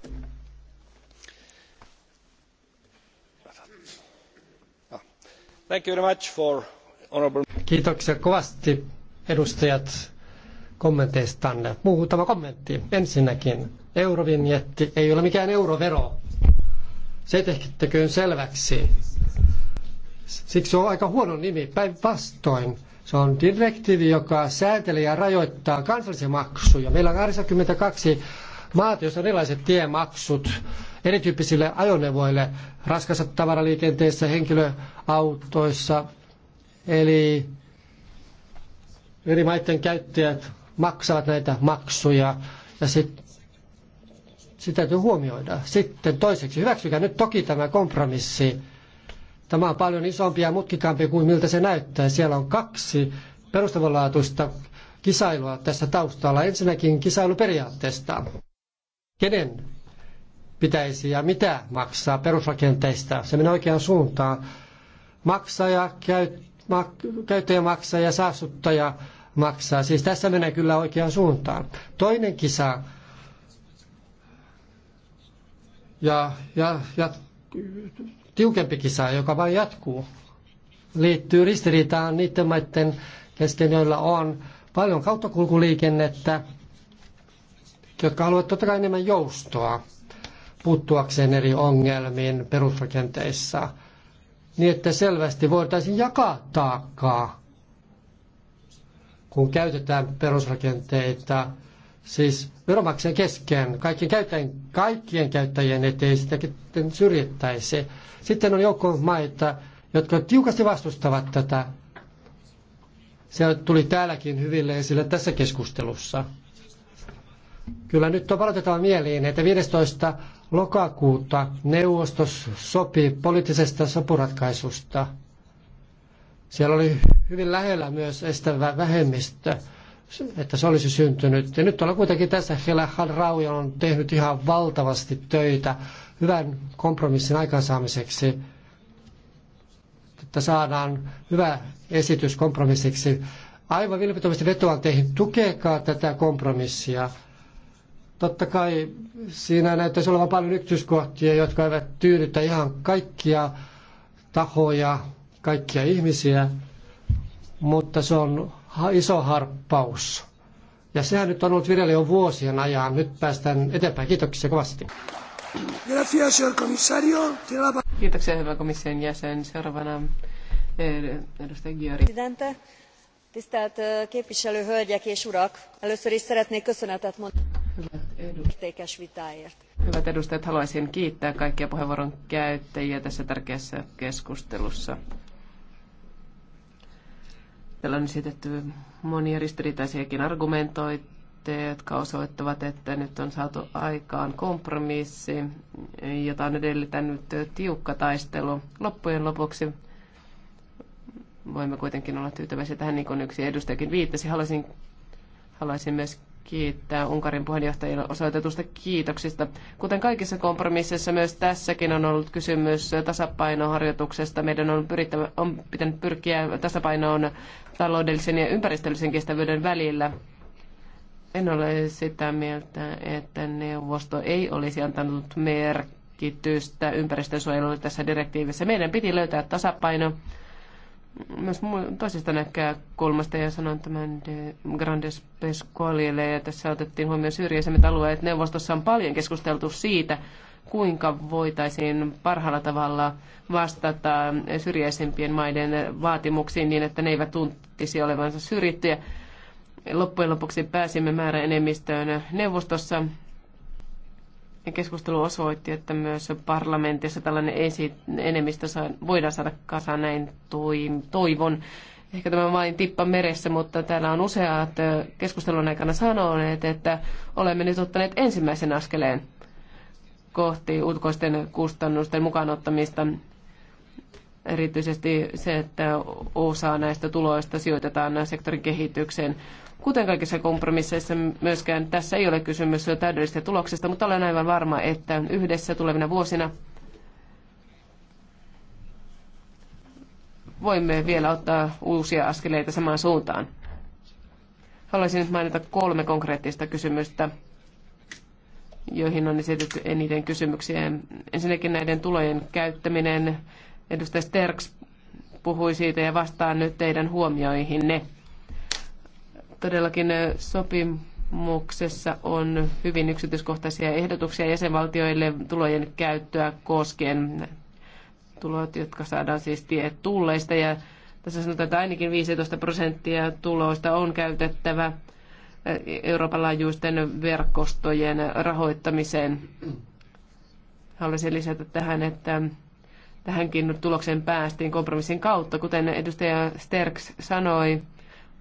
Thank you very much for honorable... Kiitoksia kovasti edustajat kommenteistanne. Muutama kommentti. Ensinnäkin, eurovinjetti ei ole mikään eurovero. Se tehtäköön selväksi. Siksi on aika huono nimi, päinvastoin. Se on direktiivi, joka säätelee ja rajoittaa kansallisia maksuja. Meillä on 82 maata, joissa on erilaiset tiemaksut erityyppisille ajoneuvoille, raskassa tavaraliikenteessä, henkilöautoissa. Eli eri maiden käyttäjät maksavat näitä maksuja ja sit, sitä täytyy huomioida. Sitten toiseksi, hyväksykää nyt toki tämä kompromissi Tämä on paljon isompi ja mutkikampi kuin miltä se näyttää. Siellä on kaksi perustavanlaatuista kisailua tässä taustalla. Ensinnäkin kisailuperiaatteesta. Kenen pitäisi ja mitä maksaa perusrakenteista? Se menee oikeaan suuntaan. Maksaja, käyt, mak, käyttäjä maksaa ja saastuttaja maksaa. Siis tässä menee kyllä oikeaan suuntaan. Toinen kisa ja, ja, ja tiukempi kisa, joka vain jatkuu, liittyy ristiriitaan niiden maiden kesken, joilla on paljon kauttakulkuliikennettä, jotka haluavat totta kai enemmän joustoa puuttuakseen eri ongelmiin perusrakenteissa, niin että selvästi voitaisiin jakaa taakkaa, kun käytetään perusrakenteita siis veronmaksajan kesken, kaikkien käyttäjien, kaikkien käyttäjien ettei sitä syrjittäisi. Sitten on joukko maita, jotka tiukasti vastustavat tätä. Se tuli täälläkin hyville esille tässä keskustelussa. Kyllä nyt on palautettava mieliin, että 15. lokakuuta neuvosto sopi poliittisesta sopuratkaisusta. Siellä oli hyvin lähellä myös estävä vähemmistö että se olisi syntynyt. Ja nyt ollaan kuitenkin tässä, Helahan Rauja on tehnyt ihan valtavasti töitä hyvän kompromissin aikaansaamiseksi, että saadaan hyvä esitys kompromissiksi. Aivan vilpittömästi vetoan teihin, tukekaa tätä kompromissia. Totta kai siinä näyttäisi olevan paljon yksityiskohtia, jotka eivät tyydytä ihan kaikkia tahoja, kaikkia ihmisiä, mutta se on iso harppaus. Ja sehän nyt on ollut vireillä jo vuosien ajan. Nyt päästään eteenpäin. Kiitoksia kovasti.
Kiitoksia, hyvä komission jäsen. Seuraavana eh, edustaja Giori.
Tisztelt eh, képviselő hölgyek és urak! Először is szeretnék köszönetet mondani értékes vitáért.
Hyvät edustajat, haluaisin kiittää kaikkia puheenvuoron käyttäjiä tässä tärkeässä keskustelussa. Täällä on esitetty monia ristiriitaisiakin argumentointeja, jotka osoittavat, että nyt on saatu aikaan kompromissi, jota on edellytänyt tiukka taistelu. Loppujen lopuksi voimme kuitenkin olla tyytyväisiä tähän, niin kuin yksi edustajakin viittasi. Haluaisin, haluaisin myös kiittää Unkarin puheenjohtajille osoitetusta kiitoksista. Kuten kaikissa kompromisseissa, myös tässäkin on ollut kysymys tasapainoharjoituksesta. Meidän on, pyrittävä, on pitänyt pyrkiä tasapainoon taloudellisen ja ympäristöllisen kestävyyden välillä. En ole sitä mieltä, että neuvosto ei olisi antanut merkitystä ympäristönsuojelulle tässä direktiivissä. Meidän piti löytää tasapaino myös toisesta kolmasta ja sanon tämän de Grandes Pescualille ja tässä otettiin huomioon syrjäisemmät alueet. Neuvostossa on paljon keskusteltu siitä, kuinka voitaisiin parhaalla tavalla vastata syrjäisempien maiden vaatimuksiin niin, että ne eivät tuntisi olevansa syrjittyjä. Loppujen lopuksi pääsimme määräenemmistöön neuvostossa keskustelu osoitti, että myös parlamentissa tällainen esi- enemmistö saa, voidaan saada kasaan näin toivon. Ehkä tämä vain tippa meressä, mutta täällä on useat keskustelun aikana sanoneet, että olemme nyt ottaneet ensimmäisen askeleen kohti ulkoisten kustannusten mukaanottamista. Erityisesti se, että osa näistä tuloista sijoitetaan sektorin kehitykseen. Kuten kaikissa kompromisseissa myöskään tässä ei ole kysymys täydellisestä tuloksesta, mutta olen aivan varma, että yhdessä tulevina vuosina voimme vielä ottaa uusia askeleita samaan suuntaan. Haluaisin nyt mainita kolme konkreettista kysymystä, joihin on esitetty eniten kysymyksiä. Ensinnäkin näiden tulojen käyttäminen. Edustaja Sterks puhui siitä ja vastaan nyt teidän huomioihinne. Todellakin sopimuksessa on hyvin yksityiskohtaisia ehdotuksia jäsenvaltioille tulojen käyttöä koskien tulot, jotka saadaan siis tiet tulleista. Ja tässä sanotaan, että ainakin 15 prosenttia tuloista on käytettävä Euroopan laajuisten verkostojen rahoittamiseen. Haluaisin lisätä tähän, että tähänkin tulokseen päästiin kompromissin kautta. Kuten edustaja Sterks sanoi,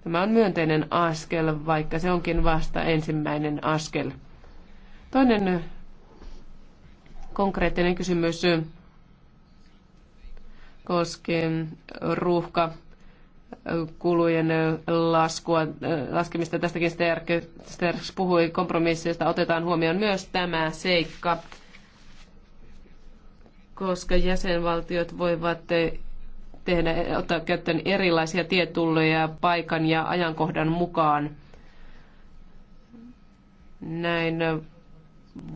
Tämä on myönteinen askel, vaikka se onkin vasta ensimmäinen askel. Toinen eh, konkreettinen kysymys eh, koskee eh, ruuhka kulujen laskua, laskemista. Tästäkin Sterks puhui kompromissista. Otetaan huomioon myös tämä seikka, koska jäsenvaltiot voivat tehdä, ottaa käyttöön erilaisia tietulleja paikan ja ajankohdan mukaan. Näin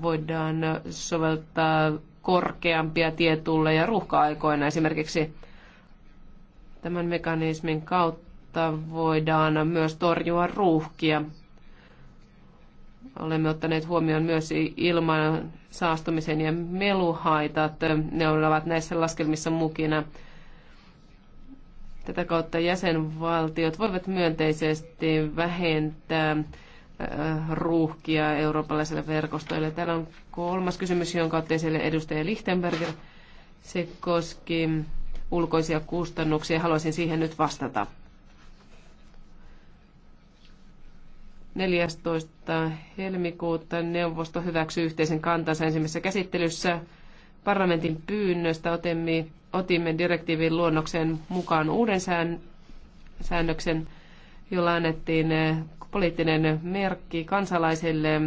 voidaan soveltaa korkeampia tietulleja ruuhka-aikoina esimerkiksi. Tämän mekanismin kautta voidaan myös torjua ruuhkia. Olemme ottaneet huomioon myös ilman saastumisen ja meluhaitat. Ne ovat näissä laskelmissa mukina. Tätä kautta jäsenvaltiot voivat myönteisesti vähentää äh, ruuhkia eurooppalaisille verkostoille. Täällä on kolmas kysymys, jonka otti esille edustaja Lichtenberger. Se koski ulkoisia kustannuksia. Haluaisin siihen nyt vastata. 14. helmikuuta neuvosto hyväksyi yhteisen kantansa ensimmäisessä käsittelyssä. Parlamentin pyynnöstä otemme otimme direktiivin luonnokseen mukaan uuden säännöksen, jolla annettiin eh, poliittinen merkki kansalaisille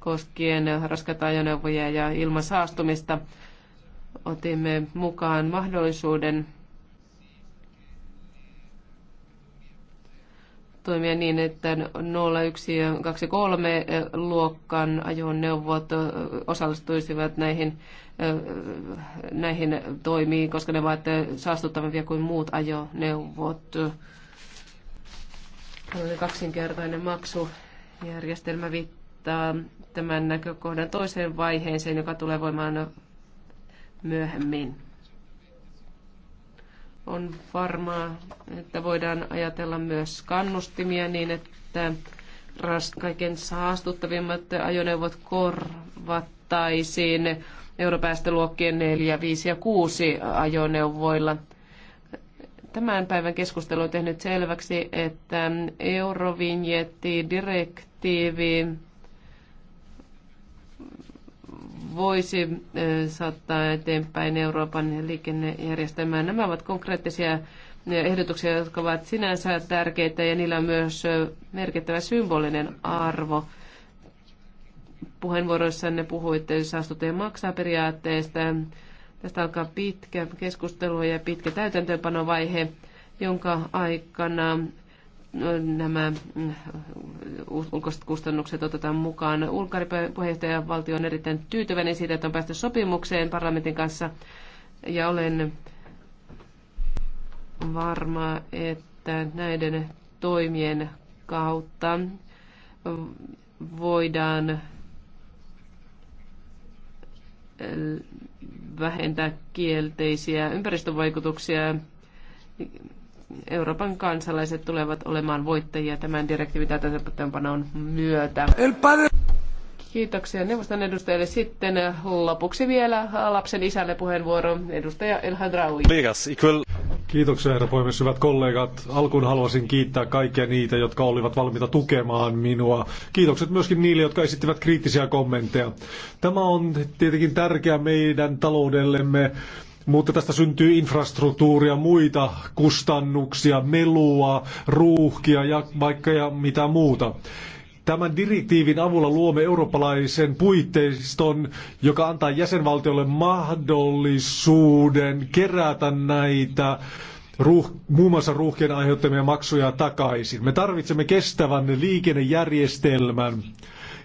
koskien raskaita ajoneuvoja ja ilmasaastumista. Otimme mukaan mahdollisuuden toimia niin, että 01 ja 23 eh, luokan ajoneuvot eh, osallistuisivat näihin, eh, näihin toimiin, koska ne ovat saastuttavampia kuin muut ajoneuvot. Oli kaksinkertainen maksujärjestelmä viittaa tämän näkökohdan toiseen vaiheeseen, joka tulee voimaan myöhemmin. On varmaa, että voidaan ajatella myös kannustimia niin, että kaiken saastuttavimmat ajoneuvot korvattaisiin europäästöluokkien 4, 5 ja 6 ajoneuvoilla. Tämän päivän keskustelu on tehnyt selväksi, että eurovinjetti direktiivi voisi eh, saattaa eteenpäin Euroopan liikennejärjestelmää. Nämä ovat konkreettisia eh, ehdotuksia, jotka ovat sinänsä tärkeitä ja niillä on myös eh, merkittävä symbolinen arvo. Puheenvuoroissanne puhuitte saastuteen maksaa periaatteesta. Tästä alkaa pitkä keskustelu ja pitkä täytäntöönpanovaihe, jonka aikana nämä mm, ulkoiset kustannukset otetaan mukaan. puheenjohtaja valtio on erittäin tyytyväinen siitä, että on päästy sopimukseen parlamentin kanssa. Ja olen varma, että näiden toimien kautta voidaan eh, vähentää kielteisiä ympäristövaikutuksia Euroopan kansalaiset tulevat olemaan voittajia tämän direktiivin täytäntöönpanon myötä. Kiitoksia neuvoston edustajille. Sitten lopuksi vielä lapsen isälle puheenvuoro edustaja Elhan Raui.
Kiitoksia herra puhemies, hyvät kollegat. Alkuun haluaisin kiittää kaikkia niitä, jotka olivat valmiita tukemaan minua. Kiitokset myöskin niille, jotka esittivät kriittisiä kommentteja. Tämä on tietenkin tärkeä meidän taloudellemme mutta tästä syntyy infrastruktuuria, muita kustannuksia, melua, ruuhkia ja vaikka ja mitä muuta. Tämän direktiivin avulla luomme eurooppalaisen puitteiston, joka antaa jäsenvaltiolle mahdollisuuden kerätä näitä ruuh, muun muassa ruuhkien aiheuttamia maksuja takaisin. Me tarvitsemme kestävän liikennejärjestelmän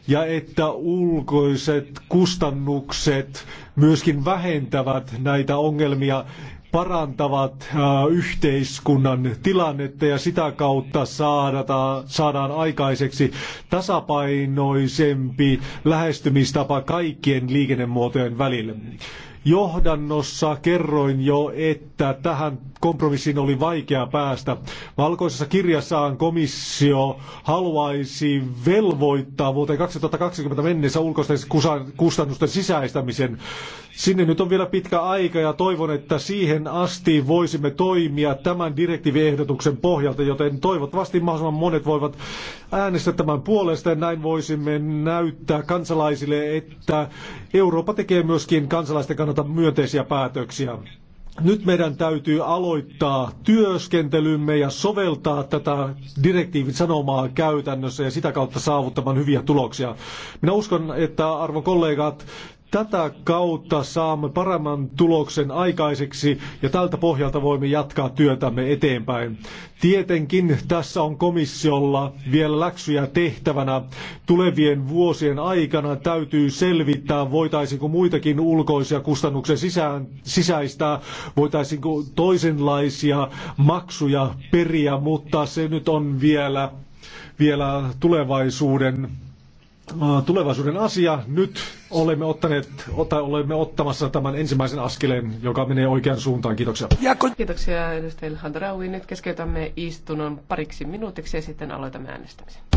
ja että ulkoiset kustannukset myöskin vähentävät näitä ongelmia, parantavat äh, yhteiskunnan tilannetta ja sitä kautta saadata, saadaan aikaiseksi tasapainoisempi lähestymistapa kaikkien liikennemuotojen välille. Johdannossa kerroin jo, että tähän kompromissiin oli vaikea päästä. Valkoisessa kirjassaan komissio haluaisi velvoittaa vuoteen 2020 mennessä ulkoisten kustannusten sisäistämisen. Sinne nyt on vielä pitkä aika ja toivon, että siihen asti voisimme toimia tämän direktiiviehdotuksen pohjalta, joten toivottavasti mahdollisimman monet voivat äänestää tämän puolesta ja näin voisimme näyttää kansalaisille, että Eurooppa tekee myöskin kansalaisten kannalta tuota myönteisiä päätöksiä. Nyt meidän täytyy aloittaa työskentelymme ja soveltaa tätä direktiivin sanomaa käytännössä ja sitä kautta saavuttamaan hyviä tuloksia. Minä uskon, että arvon kollegat, Tätä kautta saamme paremman tuloksen aikaiseksi ja tältä pohjalta voimme jatkaa työtämme eteenpäin. Tietenkin tässä on komissiolla vielä läksyjä tehtävänä. Tulevien vuosien aikana täytyy selvittää, voitaisiinko muitakin ulkoisia kustannuksia sisään, sisäistää, voitaisiinko toisenlaisia maksuja periä, mutta se nyt on vielä vielä tulevaisuuden tulevaisuuden asia. Nyt olemme ottaneet, tai olemme ottamassa tämän ensimmäisen askeleen, joka menee oikeaan suuntaan. Kiitoksia.
Kiitoksia edustaja Handraui. Nyt keskeytämme istunnon pariksi minuutiksi ja sitten aloitamme äänestämisen.